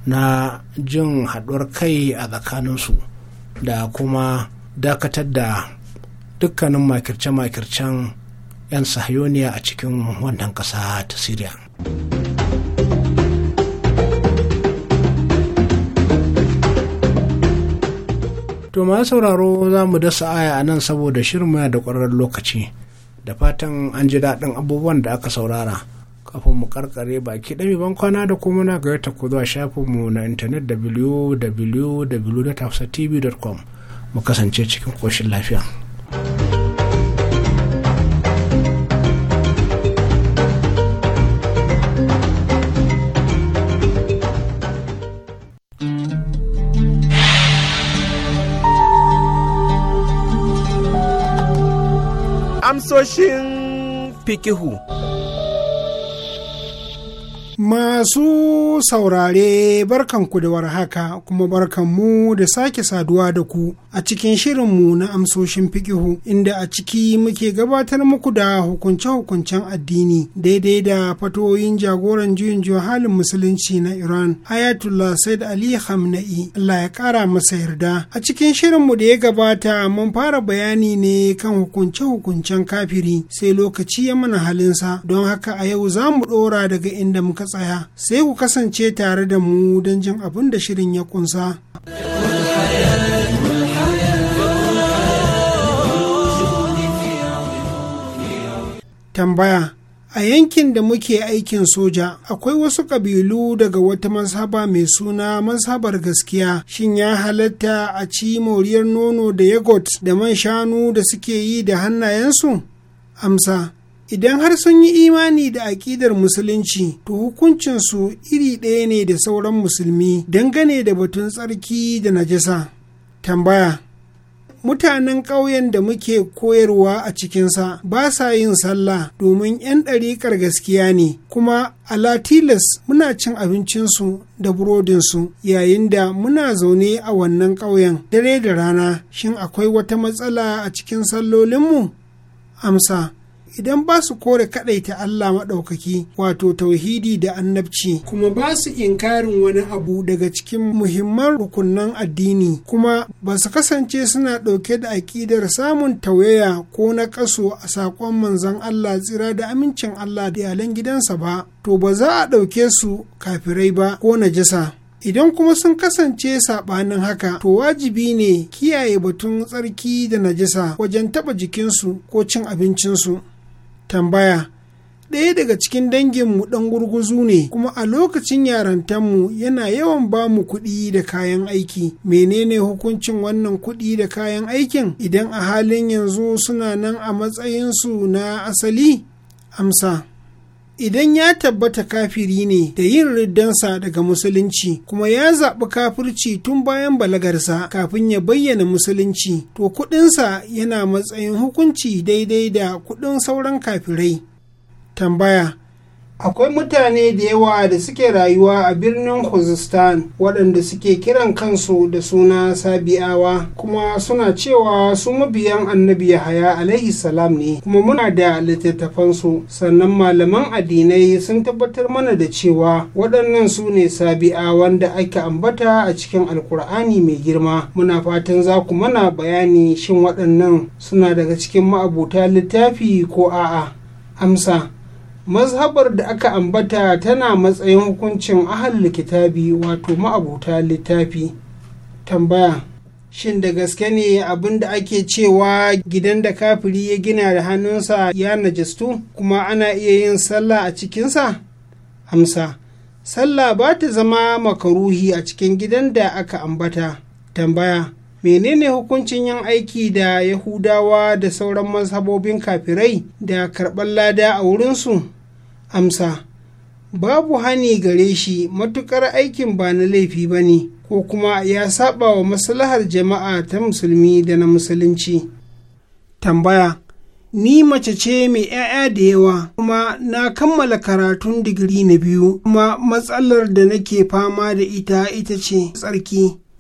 na jin haɗuwar kai a tsakaninsu da kuma dakatar da dukkanin makirce-makircen 'yan sahayoniya a cikin wannan ƙasa ta siriya. to ma sauraro za mu dasa aya a nan saboda shirma da ƙwararren lokaci da fatan an ji daɗin abubuwan da aka saurara kafin mu karkare baki ɗami ban kwana da kuma na gayyata ku zuwa shafinmu na intanet www.tafsatv.com mu kasance cikin koshin lafiya. amsoshin fikihu. Masu saurare barkanku da warhaka kuma barkanmu da sake saduwa da ku a cikin shirin mu na amsoshin fikihu inda a ciki muke gabatar muku da hukunce-hukuncen addini daidai da fatoyin jagoran juyin halin musulunci na Iran Ayatullah Said Ali Hamna'i Allah ya kara masa yarda. A cikin shirin mu da ya gabata mun fara bayani ne kan hukunce-hukuncen kafiri sai lokaci ya mana halinsa don haka a yau za mu ɗora daga inda muka tsaya sai ku kasance tare da mu don jin abin da shirin ya kunsa. Tambaya A yankin da muke aikin soja, akwai wasu ƙabilu daga wata mansaba mai suna mansabar gaskiya. Shin ya halatta a ci moriyar nono da yagot da man shanu da suke yi da hannayensu? Amsa. idan har sun yi imani da aƙidar musulunci to hukuncinsu iri ɗaya ne da sauran musulmi dangane da batun tsarki da najasa tambaya mutanen ƙauyen da muke koyarwa a cikinsa ba sa yin sallah domin 'yan ɗariƙar gaskiya ne kuma ala tilas muna cin abincinsu da burodinsu yayin da muna zaune a wannan ƙauyen dare da rana shin akwai wata matsala a cikin sallolinmu amsa idan ba su kore kaɗaita Allah maɗaukaki wato tauhidi da annabci kuma ba su inkarin wani abu daga cikin muhimman rukunan addini kuma ba su kasance suna ɗauke da aƙidar samun tauyaya ko na kaso a saƙon manzon Allah tsira da amincin Allah da iyalan gidansa ba to ba za a ɗauke su kafirai ba ko najasa. idan kuma sun kasance saɓanin haka to wajibi ne kiyaye batun tsarki da najisa wajen taɓa jikinsu ko cin abincinsu. tambaya ɗaya daga cikin danginmu ɗan gurguzu ne kuma a lokacin mu yana yawan ba mu kuɗi da kayan aiki menene hukuncin wannan kuɗi da kayan aikin idan a halin yanzu suna nan a matsayinsu na asali amsa idan ya tabbata kafiri ne da yin riddansa daga musulunci kuma ya zaɓi kafirci tun bayan balagarsa kafin ya bayyana musulunci to kuɗinsa yana matsayin hukunci daidai da kuɗin sauran kafirai tambaya akwai mutane da yawa da suke rayuwa a birnin khuzistan waɗanda suke kiran kansu da suna sabi'awa kuma suna cewa su mabiyan annabi yahaya alaihi salam ne kuma muna da littattafansu sannan malaman addinai sun tabbatar mana da cewa waɗannan su ne sabi'awan da ake ambata a cikin alkur'ani mai girma muna fatan za ku mana bayani shin waɗannan suna daga cikin ma'abuta littafi ko a'a amsa mazhabar da aka ambata tana matsayin hukuncin ahal kitabi wato ma'abuta littafi tambaya shin da gaske ne abin da ake cewa gidan da kafiri ya gina da hannunsa ya najistu kuma ana iya yin sallah a cikinsa amsa sallah ba ta zama makaruhi a cikin gidan da aka ambata tambaya menene hukuncin yin aiki da yahudawa da sauran mazhabobin kafirai da karɓar lada a wurinsu amsa babu hani gare shi matukar aikin ba na laifi ba ne ko kuma ya saba wa maslahar jama'a ta musulmi da na musulunci tambaya ni mace ce mai 'ya'ya da yawa kuma na kammala karatun digiri na biyu kuma matsalar da nake fama da ita ita ce tsarki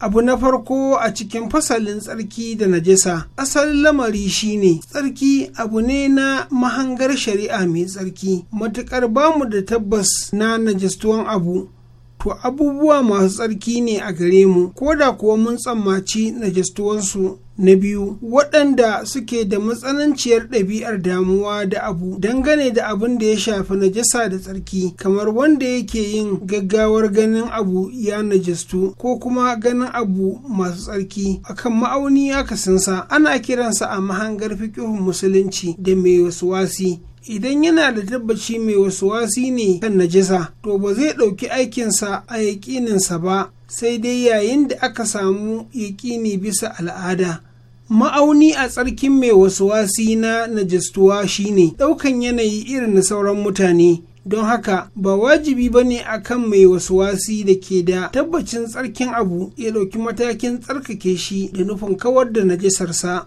abu na farko a cikin fasalin tsarki da najasa asalin lamari shine tsarki abu ne na mahangar shari'a mai tsarki matukar bamu da tabbas na najistuwan abu to abubuwa masu tsarki ne a gare mu ko da kuwa mun tsammaci najistuwansu na biyu waɗanda suke da matsananciyar ɗabi'ar damuwa da abu dangane da abin da ya shafi najasa da tsarki kamar wanda yake yin gaggawar ganin abu ya najistu ko kuma ganin abu masu tsarki akan ma'auni akasinsa ana kiransa a mahangar fikihun musulunci da mai wasu wasi. idan yana da tabbaci mai wasu wasi ne kan najisa, to ba zai ɗauki aikinsa a yaƙininsa ba sai dai yayin da aka samu yaƙini bisa al'ada ma'auni a tsarkin mai wasu wasi na najistuwa shine ɗaukan yanayi irin na sauran mutane don haka ba wajibi ba ne a kan mai wasuwasi da ke da tabbacin tsarkin abu ya ɗauki matakin tsarkake shi da nufin kawar da najisarsa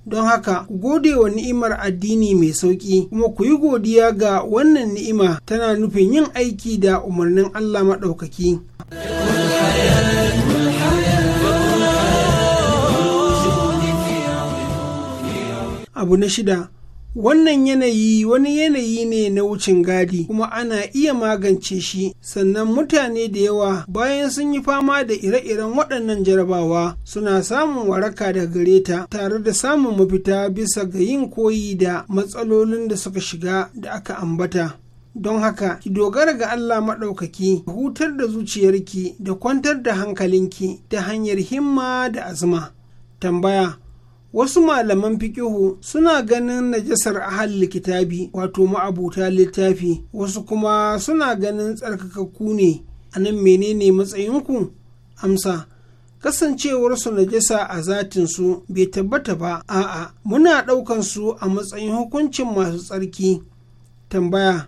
don haka gode wa ni'imar addini mai sauƙi kuma ku yi godiya ga wannan ni'ima tana nufin yin aiki da umarnin Allah maɗaukaki. abu na shida Wannan yanayi wani yanayi ne na wucin gadi kuma ana iya magance shi sannan mutane da yawa bayan sun yi fama da ire-iren waɗannan jarabawa suna samun waraka da gare ta tare da samun mafita bisa ga yin koyi da matsalolin da suka shiga da aka ambata. Don haka ki dogara ga Allah maɗaukaki hutar da zuciyarki da kwantar da hankalinki ta hanyar himma da azuma. Tambaya wasu malaman fikihu suna ganin najasar ahal kitabi wato ma'abuta littafi wasu kuma suna ganin tsarkakakku ne a nan menene matsayinku amsa kasancewarsu najasa a zatinsu bai tabbata ba a'a muna ɗaukan su a matsayin hukuncin masu tsarki tambaya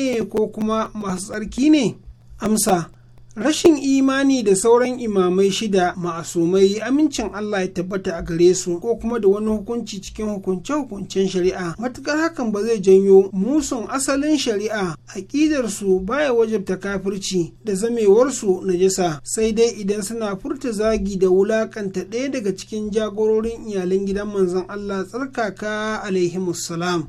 ne ko kuma masu tsarki ne amsa rashin imani da sauran imamai shida ma'asumai amincin Allah ya tabbata a gare su ko kuma da wani hukunci cikin hukunce-hukuncen shari'a matuƙar hakan ba zai janyo musun asalin shari'a aƙidar su baya wajabta kafirci da zamewarsu na jisa sai dai idan suna furta zagi da wulaƙanta ɗaya daga cikin jagororin iyalan gidan manzon Allah tsarkaka salam.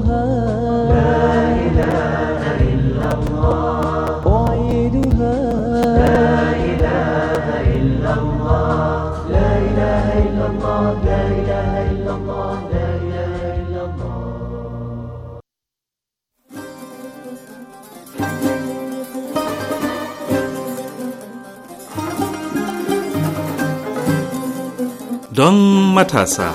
don matasa.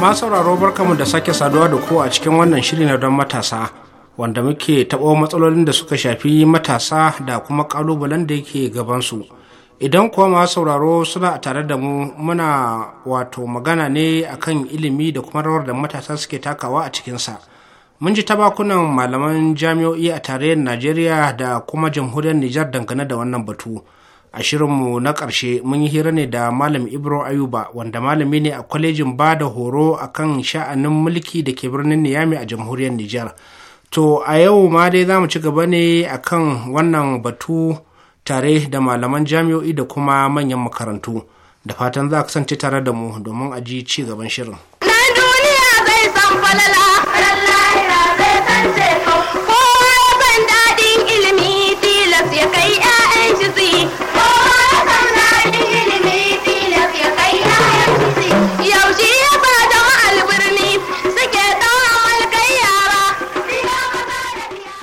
Ma sauraro barkamu da sake saduwa da ku a cikin wannan shiri na don matasa wanda muke taɓo matsalolin da suka shafi matasa da kuma ƙalubalen da yake gabansu. Idan kuwa ma sauraro suna tare da mu muna wato magana ne akan ilimi da kuma rawar da matasa suke takawa a cikinsa. mun ji tabakunan malaman jami'o'i a tarayyar najeriya da kuma jamhuriyar nijar dangane da wannan batu a shirinmu na ƙarshe mun yi hira ne da malam ibro ayuba wanda malami ne a kwalejin ba da horo a kan sha'anin mulki da ke birnin niyami a jamhuriyar nijar to a yau ma dai za mu ci gaba ne a kan wannan batu tare da malaman jami'o'i da kuma manyan makarantu da fatan za a kasance tare da mu domin a ji ci gaban shirin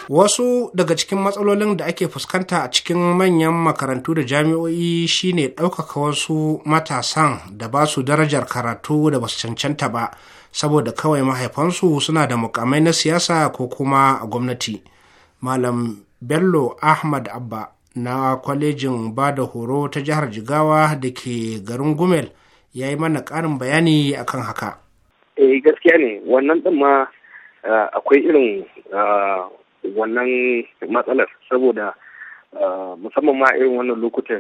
Wasu daga cikin matsalolin da ake fuskanta a cikin manyan makarantu da jami'o'i shine ɗaukaka wasu matasan da ba su darajar karatu da ba su cancanta ba, saboda kawai mahaifansu suna da mukamai na siyasa ko kuma a gwamnati. Malam Bello Ahmad Abba na kwalejin ba da horo ta jihar Jigawa da ke garin Gumel ya yi mana ƙarin bayani akan haka. Eh gaskiya ne, wannan eh, akwai irin eh, wannan matsalar saboda uh, musamman ma irin wannan lokutan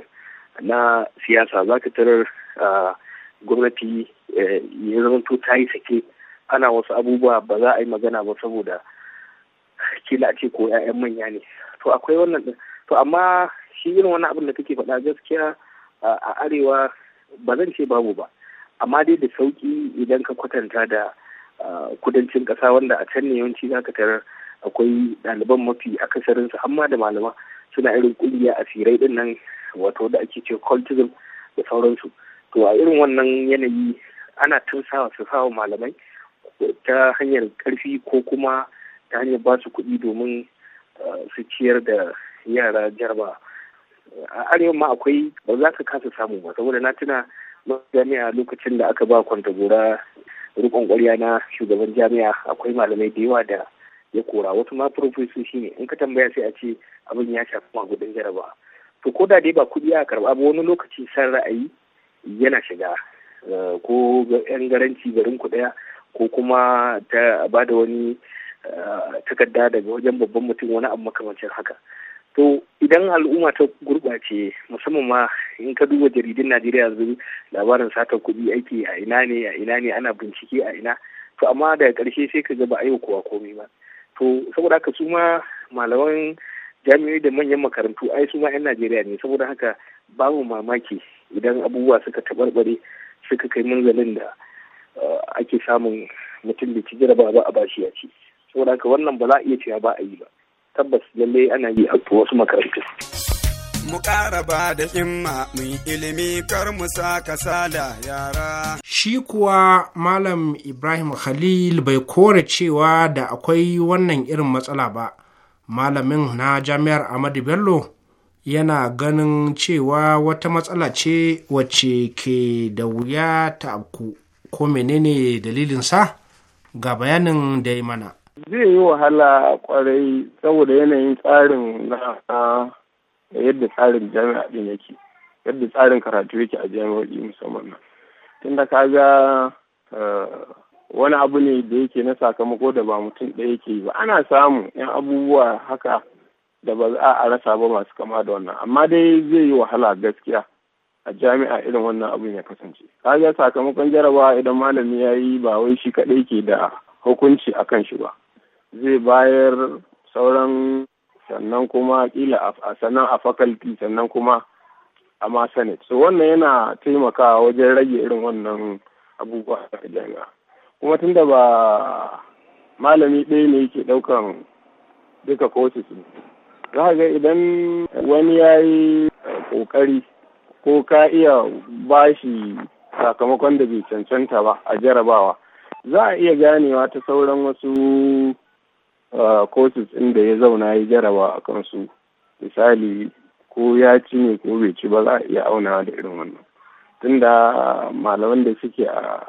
na siyasa za ka tarar uh, gwamnati eh, ya zamanto ta yi sake ana wasu abubuwa ba za a yi magana ba saboda kila a ce ko 'ya'yan manya ne to akwai wannan to amma shi irin wani abin da kake faɗa gaskiya a arewa ba zan ce babu ba amma dai da sauki idan ka kwatanta da uh, kudancin ƙasa wanda a can ne yawanci za ka tarar akwai ɗaliban mafi akasarinsu amma da malama suna irin ƙungiya asirai din nan wato da ake ce cultism da sauransu to a irin wannan yanayi ana tursawa su sawa malamai ta hanyar karfi ko kuma ta hanyar ba su kuɗi domin eh, su ciyar da yara jarba a arewa ma akwai ba za ka kasa samu ba saboda na tuna jami'a lokacin da aka ba kwanta gora rikon ƙwarya na shugaban jami'a akwai malamai da yawa da ya kora wasu ma shi ne in ka tambaya sai a ce abin ya shafi magudin jaraba to ko da dai ba kuɗi a karɓa ba wani lokaci san ra'ayi yana shiga eh, ko yan garanci garin ku ɗaya ko kuma ta ba da wani eh, takarda daga wajen babban mutum wani abu makamancin haka to idan al'umma ta gurɓace musamman ma in ka duba jaridun najeriya yanzu labarin satar kuɗi aiki a ina ne a ina ne ana bincike a ina to amma daga ƙarshe sai ka ga ba a yi kowa komai ba to saboda haka su ma malaman jami'o'i da manyan makarantu ai su ma 'yan najeriya ne saboda haka babu mamaki idan abubuwa suka taɓarɓare suka kai manzalin da eh, ake samun mutum da ci jaraba ba a bashi ya ci saboda haka wannan ba za a iya cewa ba a yi ba tabbas lallai ana yi a wasu makarantu. mu ƙara ba da himma mu yi ilimi kar mu saka kasala yara. Shi kuwa Malam Ibrahim Khalil bai kore cewa da akwai wannan irin matsala ba. Malamin na Jami'ar Ahmadu Bello yana ganin cewa wata matsala ce wacce ke da wuya ta abku ko menene dalilinsa ga bayanin da ya mana. Zai yi wahala kwarai saboda yanayin tsarin na da yadda tsarin jami'a din yake yadda tsarin karatu yake a jami'o'i musamman nan tun da kaga eh, wani abu ne da yake na sakamako da ba mutum ɗaya yake ba ana samu yan abubuwa haka da ba za a rasa ba masu kama da wannan amma dai zai yi wahala gaskiya a jami'a irin wannan abun ya kasance kaga sakamakon jarabawa idan malami ya yi ba wai shi kaɗai ke da hukunci a kan shi ba zai bayar sauran sannan kuma kila sannan a faculty sannan kuma a ma senate so wannan yana taimakawa wajen rage irin wannan abubuwa a jami'a kuma tunda ba malami ɗaya ne yake ɗaukan duka courses za ga idan wani ya yi eh, ƙoƙari ko ka iya bashi sakamakon da bai cancanta ba a jarabawa za a iya ganewa ta sauran wasu Uh, courses ɗin da ya zauna ya jaraba a kansu misali ko ya ci ne ko bai ci ba za a iya aunawa da irin wannan tunda malaman da suke a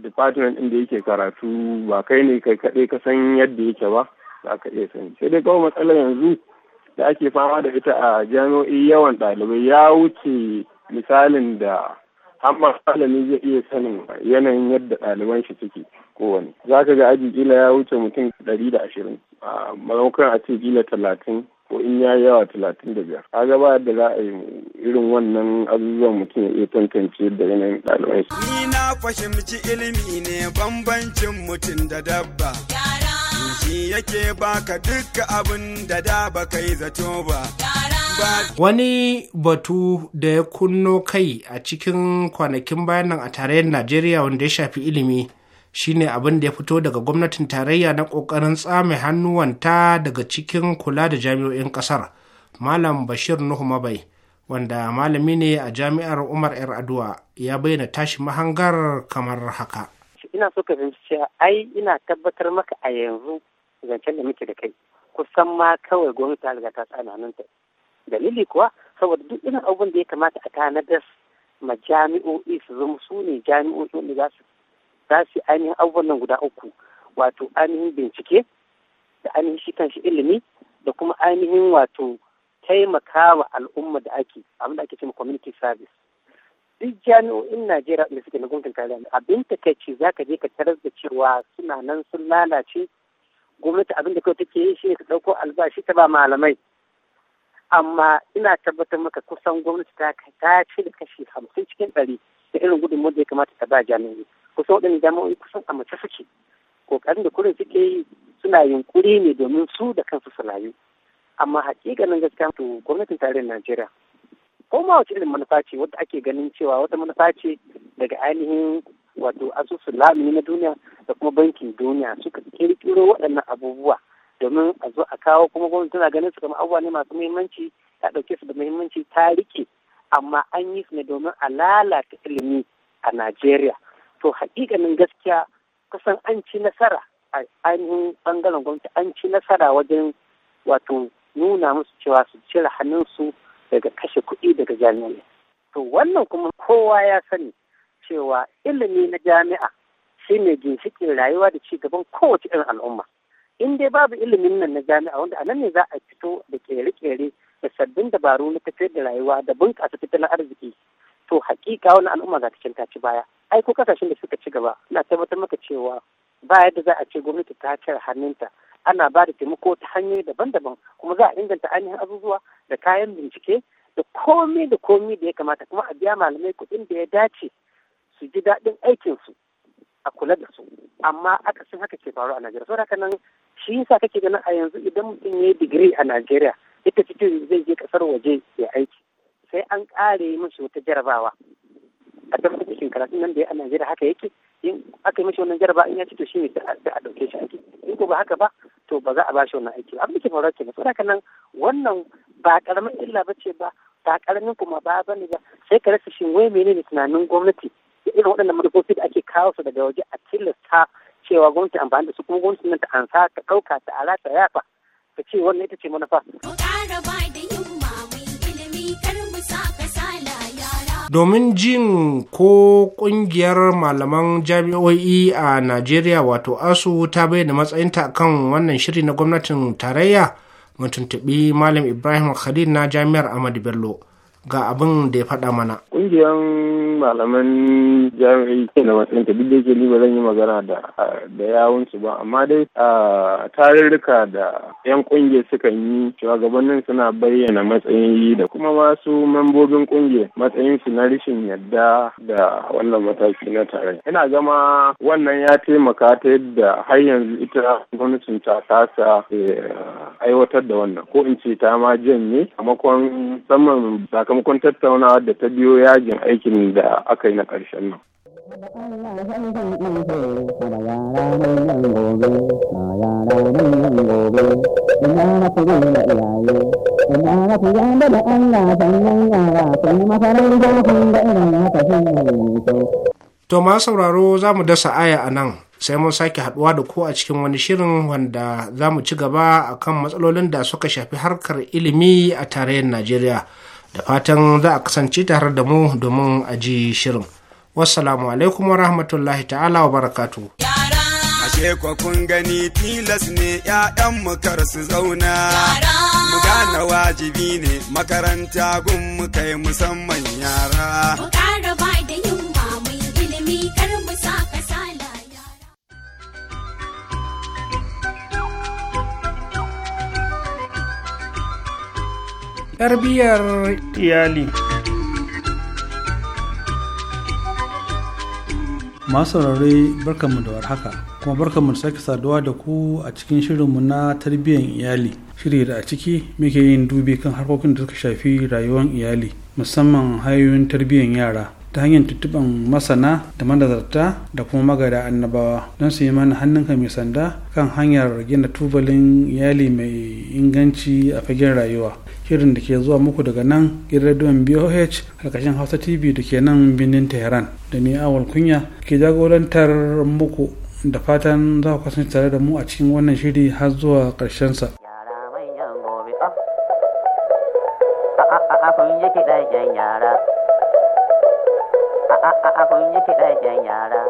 department ɗin da yake karatu ba kai ne kai kaɗai ka san yadda yake ba za ka iya sani sai dai kawai matsalar yanzu da ake fama da ita a jami'o'i yawan ɗalibai ya wuce misalin da har malami zai iya sanin yanayin yadda ɗaliban shi suke kowane za ka ga aji kila ya wuce mutum ɗari da ashirin a maimakon a ce kila talatin ko in ya yawa talatin da biyar a gaba yadda za a yi irin wannan abubuwan mutum ya iya tantance da yanayin ɗalibai. ni na fahimci ilimi ne bambancin mutum da dabba shi yake baka dukka abin da da baka yi zato ba. Wani batu da ya kunno kai a cikin kwanakin bayan nan a tarayyar Najeriya wanda ya shafi ilimi shine abin da ya fito daga gwamnatin tarayya na kokarin tsame hannuwanta daga cikin kula da jami'o'in kasar malam bashir nuhu mabai wanda malami ne a jami'ar umar yar aduwa ya bayyana tashi mahangar kamar haka ina so ka fahimci cewa ai ina tabbatar maka a yanzu zancen da muke da kai kusan ma kawai gwamnati ta riga ta tsana nan ta dalili kuwa saboda duk irin abun da ya kamata a tanadar majami'o'i su zama su ne jami'o'i wanda za su za su ainihin abubuwan nan guda uku wato ainihin bincike da ainihin shi kanshi ilimi da kuma ainihin wato taimakawa al'umma da ake abin da ake cewa community service duk jami'o'in Najeriya da suke na gwamnatin ne abin takaici za ka je ka tarar da cewa suna nan sun lalace gwamnati abin da take yi shi ne ta ɗauko albashi ta ba malamai amma ina tabbatar maka kusan gwamnati ta ta ce da kashi hamsin cikin ɗari da irin gudunmawar da ya kamata ta ba jami'o'i Kusa waɗanda jami'o'i kusan a mace suke ƙoƙarin da kurin suke yi suna yunƙuri ne domin su da kansu su rayu amma hakikanin gaskiya to gwamnatin tarayyar Najeriya ko ma wace irin manufa ce wadda ake ganin cewa wata manufa ce daga ainihin wato asusun lamini na duniya da kuma bankin duniya suka ƙirƙiro waɗannan abubuwa domin a zo a kawo kuma gwamnati tana ganin su kamar abubuwa ne masu muhimmanci ta ɗauke su da muhimmanci ta rike amma an yi su ne domin a lalata ilimi a Najeriya to hakikanin gaskiya kusan an ci nasara a ainihin bangaren gwamnati an ci nasara wajen wato nuna musu cewa su cire hannunsu daga kashe kuɗi daga jami'a to wannan kuma kowa ya sani cewa ilimi na jami'a shine ginshikin rayuwa da ci gaban kowace irin al'umma in dai babu ilimin nan na jami'a wanda anan ne za a fito da ƙere-ƙere da sabbin dabaru na tafiyar da rayuwa da bunƙasa tattalin arziki to hakika wani al'umma za ta ta ci baya ai ko kasashen da suka ci gaba na tabbatar maka cewa ba yadda za a ce gwamnati ta cire hannunta ana ba da taimako ta hanyoyi daban-daban kuma za a inganta ainihin abubuwa da kayan bincike da komi da komi da ya kamata kuma a biya malamai kuɗin da ya dace su ji daɗin aikinsu a kula da su amma akasin haka ke faru a najeriya saboda haka nan shi yasa kake ganin a yanzu idan mutum ya yi digiri a najeriya ita ce zai je kasar waje ya aiki sai an ƙare mashi wata jarabawa a tabbatar da karatun nan da ya a Najeriya haka yake in aka yi mashi wannan jaraba in ya ci to shi ne da a ɗauke shi aiki in ko ba haka ba to ba za a bashi wannan aiki abin da ke faruwa kenan saboda nan wannan ba karamin illa ba ce ba ba karamin kuma ba ba ne ba sai ka rasa shin wai menene tunanin gwamnati da irin waɗannan manufofi da ake kawo su daga waje a tilasta cewa gwamnati amfani da su kuma gwamnati nan ta ansa ta ɗauka ta alata yafa ta ce wannan ita ce manufa. domin jin ko kungiyar malaman jami'o'i a najeriya wato asu ta bayyana matsayinta kan wannan shiri na gwamnatin tarayya mutuntubi malam ibrahim khalil na jami'ar ahmadu bello ga abin da ya faɗa mana. Ƙungiyar malaman jami'ai ke na matsinka duk da ke ni ba zan yi magana da da yawunsu ba amma dai a tarurruka da 'yan ƙungiyar suka yi shugabannin suna bayyana matsayin yi da kuma masu mambobin ƙungiyar matsayin su na rashin yadda da wannan mataki na tare. Ina gama wannan ya taimaka ta yadda har yanzu ita gwamnatin ta kasa eh, aiwatar da wannan ko in ce ta ma janye a makon musamman sakamakon tattaunawa da ta biyo yajin aikin da aka yi na ƙarshen nan. To ma sauraro za mu dasa aya a nan sai mun sake haɗuwa da ku a cikin wani shirin wanda za mu ci gaba a kan matsalolin da suka shafi harkar ilimi a tarayyar Najeriya. da fatan za a kasance tare da mu domin a ji shirin wassalamu alaikum wa rahmatullahi ta'ala wa barakatu ashe kwa kun gani tilas ne ƴaƴan mu kar su zauna mu gane wajibi ne makaranta gun mu kai musamman yara mu ƙara ba da yin ba mu ilimi kar mu saka tarbiyyar iyali masu rarre barkanmu da warhaka kuma barkanmu da sake saduwa da ku a cikin shirinmu na tarbiyyar iyali shiri da a ciki muke yin dubi kan harkokin da suka shafi rayuwar iyali musamman hayoyin tarbiyyar yara ta hanyar tuttuban masana da manazarta da kuma magada annabawa don su yi mana hannunka mai sanda kan hanyar gina tubalin iyali mai inganci a fagen rayuwa shirin da ke zuwa muku daga nan gidan boh karkashin hausa tv da ke nan birnin tehran da ni awal kunya ke jagorantar muku da fatan za ku kasance tare da mu a cikin wannan shiri har zuwa ƙarshensa. yara abun yara.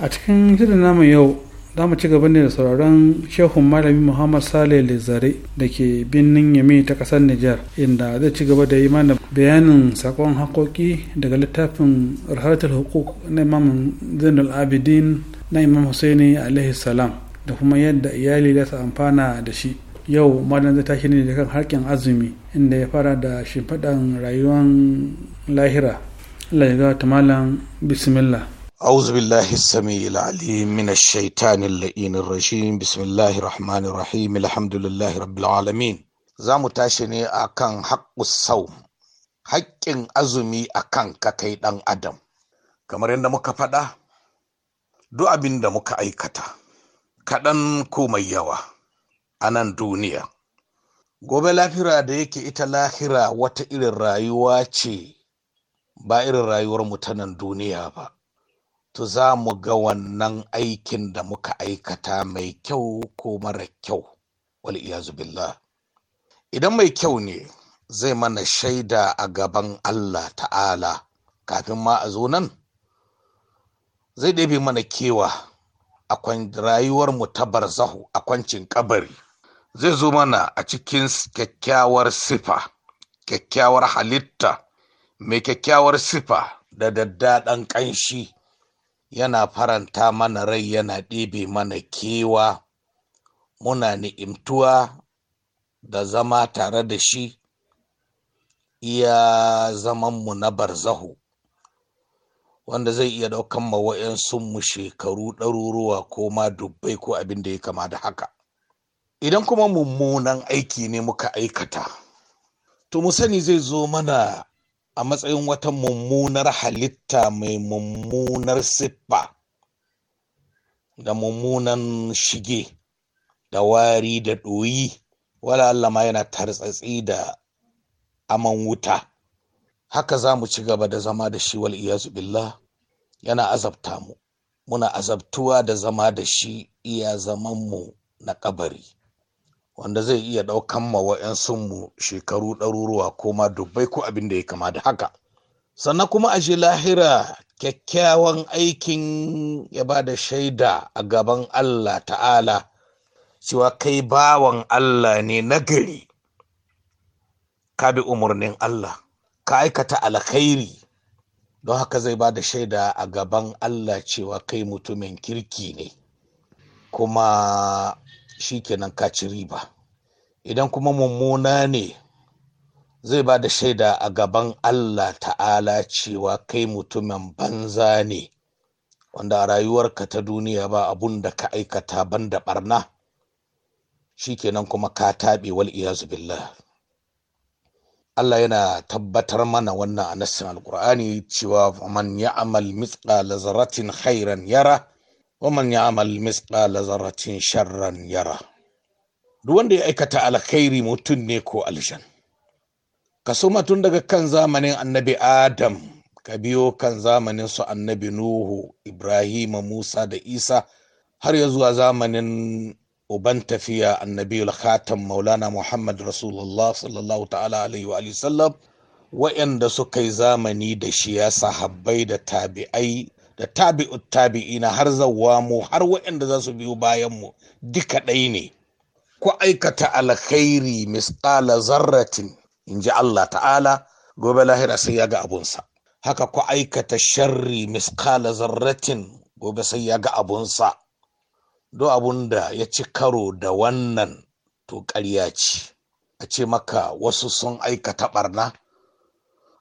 A cikin shirin namu yau za mu ci gaba ne da sauraron shehun malami muhammad saleh lezare da ke birnin yami ta kasar nijar inda zai ci gaba da yi mana bayanin sakon haƙoƙi daga littafin rahatul hukuk na imam zainul abidin na imam husaini alaihi salam da kuma yadda iyali za su amfana da shi yau malam zai tashi ne da kan harkin azumi inda ya fara da shimfiɗan rayuwar lahira Allah ya ta malam bismillah أعوذ بالله السميع العليم من الشيطان اللئين الرجيم بسم zamu tashi ne akan kan sau haƙƙin azumi akan ka kai ɗan adam kamar yadda muka faɗa duk abin da muka aikata kaɗan ko mai yawa a nan duniya gobe lafira da yake ita lahira wata irin rayuwa ce ba irin rayuwar mu ta nan duniya ba to za mu ga wannan aikin da muka aikata mai kyau ko mara kyau wal billah idan mai kyau ne zai mana shaida a gaban allah ta'ala kafin ma a zo nan zai ɗabi mana kewa a rayuwar mu ta barzahu a kwancin kabari zai zo mana a cikin kyakkyawar sifa kyakkyawar halitta mai kyakkyawar sifa da daddaɗan ƙanshi yana faranta mana rai yana ɗebe mana kewa muna ni'imtuwa da zama tare da shi iya zamanmu na barzahu wanda zai iya ɗaukan ma mu shekaru ɗaruruwa ko ma dubbai ko abin da ya kama da haka idan kuma mummunan aiki ne muka aikata to mu sani zai zo mana a matsayin wata mummunar halitta mai mummunar siffa da mummunan shige da wari da ɗoyi wala Allah ma yana tartsatsi da aman wuta haka za mu ci gaba da zama da shi wal iyazu billah yana azabta mu muna azabtuwa da zama da shi iya mu na kabari wanda zai iya ɗaukan ma sunmu shekaru ɗaruruwa ko ma dubbai ko abin da ya kama da haka sannan kuma a shi lahira kyakkyawan aikin ya ba da shaida a gaban allah ta'ala cewa kai bawan allah ne nagari ka bi umarnin allah ka aikata alkhairi don haka zai ba da shaida a gaban allah cewa kai mutumin kirki ne kuma shikenan ka ci riba idan kuma mummuna ne zai ba da shaida a gaban allah ta'ala cewa kai mutumin banza ne wanda a rayuwarka ta duniya ba abun da ka aikata ban da barna kenan kuma ka taɓe wal billah Allah yana tabbatar mana wannan a nassin alkur'ani cewa man amal mitsa lazaratin hairan yara ومن يعمل مثقال ذرة شرا yara duk wanda ya aikata alkhairi mutum ne ko aljan kaso matun daga kan zamanin annabi adam ka biyo kan zamanin su annabi nuhu Ibrahim, musa da isa har ya zuwa zamanin uban tafiya annabi khatam maulana muhammad rasulullah sallallahu ta'ala alaihi wa sallam suka yi zamani da shi ya sahabbai da tabi'ai da tabi'ut tabi'ina har zawwa mu har waɗanda za su biyo bayan mu duka ɗai ne ku aikata alkhairi misqala zarratin in ji Allah ta'ala gobe lahira sai ya ga abunsa haka ku aikata sharri misqala zarratin gobe sai ya ga abunsa do abunda ya ci karo da wannan to ƙarya ce a ce maka wasu sun aikata barna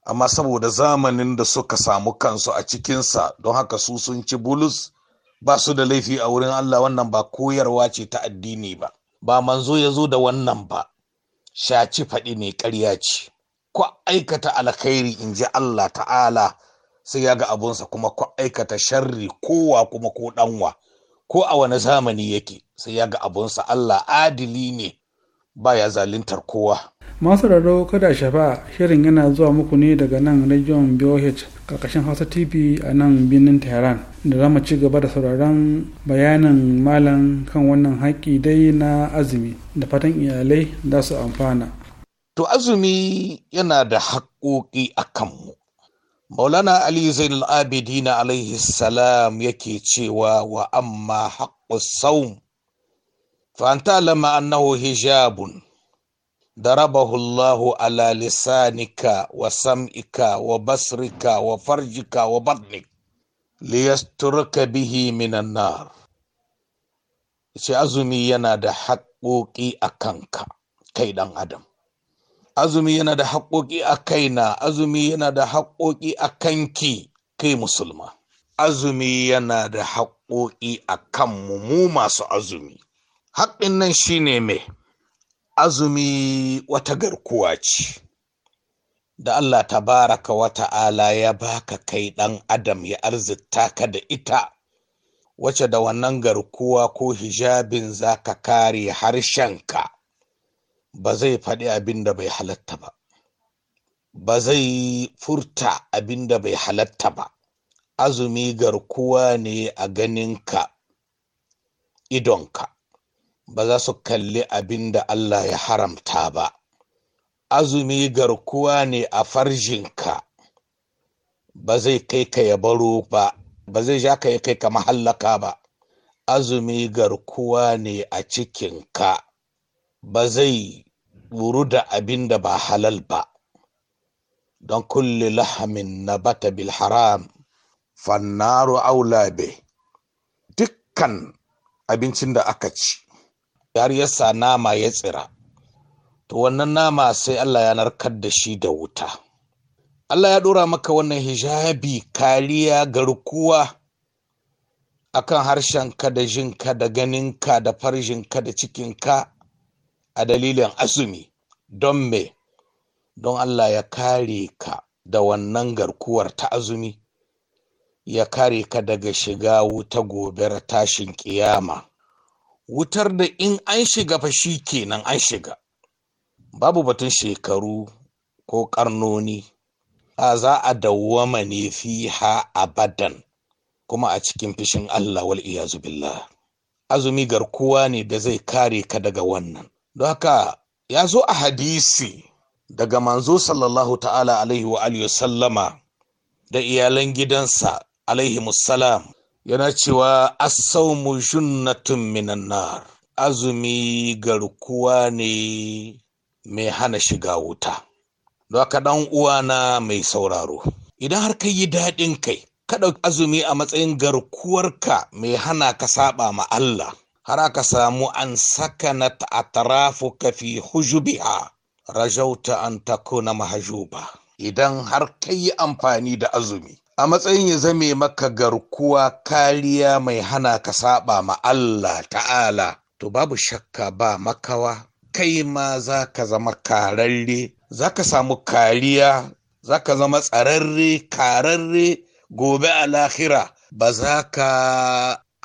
amma saboda zamanin da suka samu kansu a cikinsa don haka su sun ci bulus ba su da laifi a wurin Allah wannan ba koyarwa ce ta addini ba ba manzo ya zo da wannan ba shaci faɗi ne ƙarya ce ku aikata alkhairi in ji Allah ta'ala sai ya ga abunsa kuma ku aikata sharri kowa kuma ko ɗanwa ko a wani zamani yake sai ya ga abunsa Allah adili ne baya zaluntar kowa. masu raro kada shafa shirin yana zuwa muku ne daga nan rajiyon BOH karkashin Hausa TV a nan birnin Tehran da za mu ci gaba da sauraron bayanin malam kan wannan haƙƙi dai na azumi da fatan iyalai za su amfana. To azumi yana da haƙƙoƙi a kanmu. Maulana Ali Zainul abidina alaihi salam yake cewa wa amma haƙƙus saum to an ta'alama annahu hijabun da raba hullahu ala lisanika wa sam'ika wa basrika wa farjika wa barnik liyasturka bihi minan na azumi yana da haƙoƙi a kanka kai ɗan adam azumi yana da haƙoƙi a kai azumi yana da haƙoƙi a kanki kai musulma azumi yana da haƙoƙi a kanmu mu masu azumi haƙƙin nan shi ne mai azumi wata garkuwa ce da Allah ta baraka wa ta'ala ya baka kai ɗan adam ya arzita ka da ita wace da wannan garkuwa ko hijabin za ka kare harshenka ba zai faɗi abin da bai halatta ba ba zai furta abin da bai halatta ba azumi garkuwa ne a ganinka idonka ba za su kalli abin da Allah ya haramta ba. Azumi garkuwa ne a farjinka, ba zai kai ka ya baro ba, ba zai ja ka ya kai ka mahallaka ba. Azumi garkuwa ne a cikinka, ba zai wuru da abin da ba halal ba. Don kulle lahamin na bata bil haram, fannaru aula be, dukkan abincin da aka ci. har yasa nama ya tsira to wannan nama sai Allah ya narkar da shi da wuta Allah ya ɗora maka wannan hijabi kariya garkuwa akan harshenka da jinka da ganinka da farjinka da cikinka a dalilin azumi don me don Allah ya kare ka da wannan garkuwar ta azumi ya kare ka daga shiga wuta gobe tashin ƙiyama. wutar da in an shiga fa shi kenan an shiga babu batun shekaru ko karnoni a za a dawwama ne ha abadan kuma a cikin fishin Allah wal iyazu billah azumi garkuwa ne da zai kare ka daga wannan don haka ya zo a hadisi daga manzo sallallahu ta'ala alaihi wa alihi sallama da iyalan gidansa alaihi musallam yana cewa mu junnatun minan nar azumi garkuwa ne mai hana shiga wuta don ka dan uwana mai sauraro idan har ka yi daɗin kai ka ɗauki azumi a matsayin garkuwarka mai hana ka saba ma Allah har aka samu an saka na ta'atarafu ka fi hujubiha rajauta an takuna mahajuba idan har ka yi amfani da azumi a matsayin ya zame maka garkuwa kariya mai hana ka saba ma Allah ta'ala to babu shakka ba makawa kai ma za ka zama kararre za ka samu kariya za ka zama tsararre kararre gobe a lahira ba za ka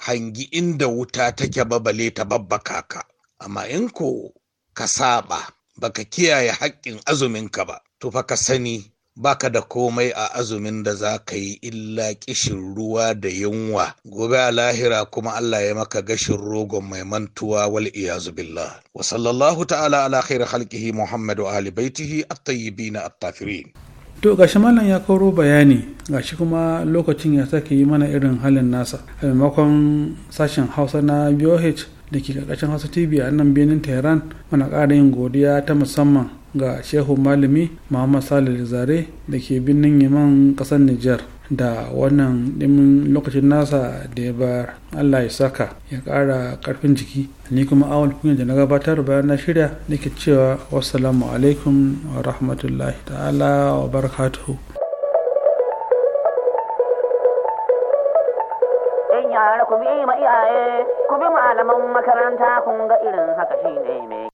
hangi inda wuta take babale ta babbaka ka amma in ko ka saba baka kiyaye haƙƙin azuminka ba to fa ka sani baka da komai a azumin da za ka yi illa kishin ruwa da yunwa gobe a lahira kuma Allah ya maka gashin rogon mai mantuwa wal iyazu billah wa sallallahu ta'ala ala khair khalqihi muhammadu ali baitihi at-tayyibin at-tafirin to gashi mallan ya koro bayani gashi kuma lokacin ya sake yi mana irin halin nasa a maimakon sashen hausa na BOH da ke karkashin hausa tv a nan benin tehran muna ƙara yin godiya ta musamman ga shehu malami muhammad salih zare da ke birnin yaman ƙasar niger da wannan ɗimin lokacin nasa da ya bar allah ya saka ya ƙara ƙarfin jiki ni kuma awon kunya da na gabatar bayan na shirya nake cewa wassalamu alaikum wa rahmatullahi ta'ala wa barakatuhu yara ku bi ma iyaye ku bi malaman makaranta kun ga irin haka shi ne mai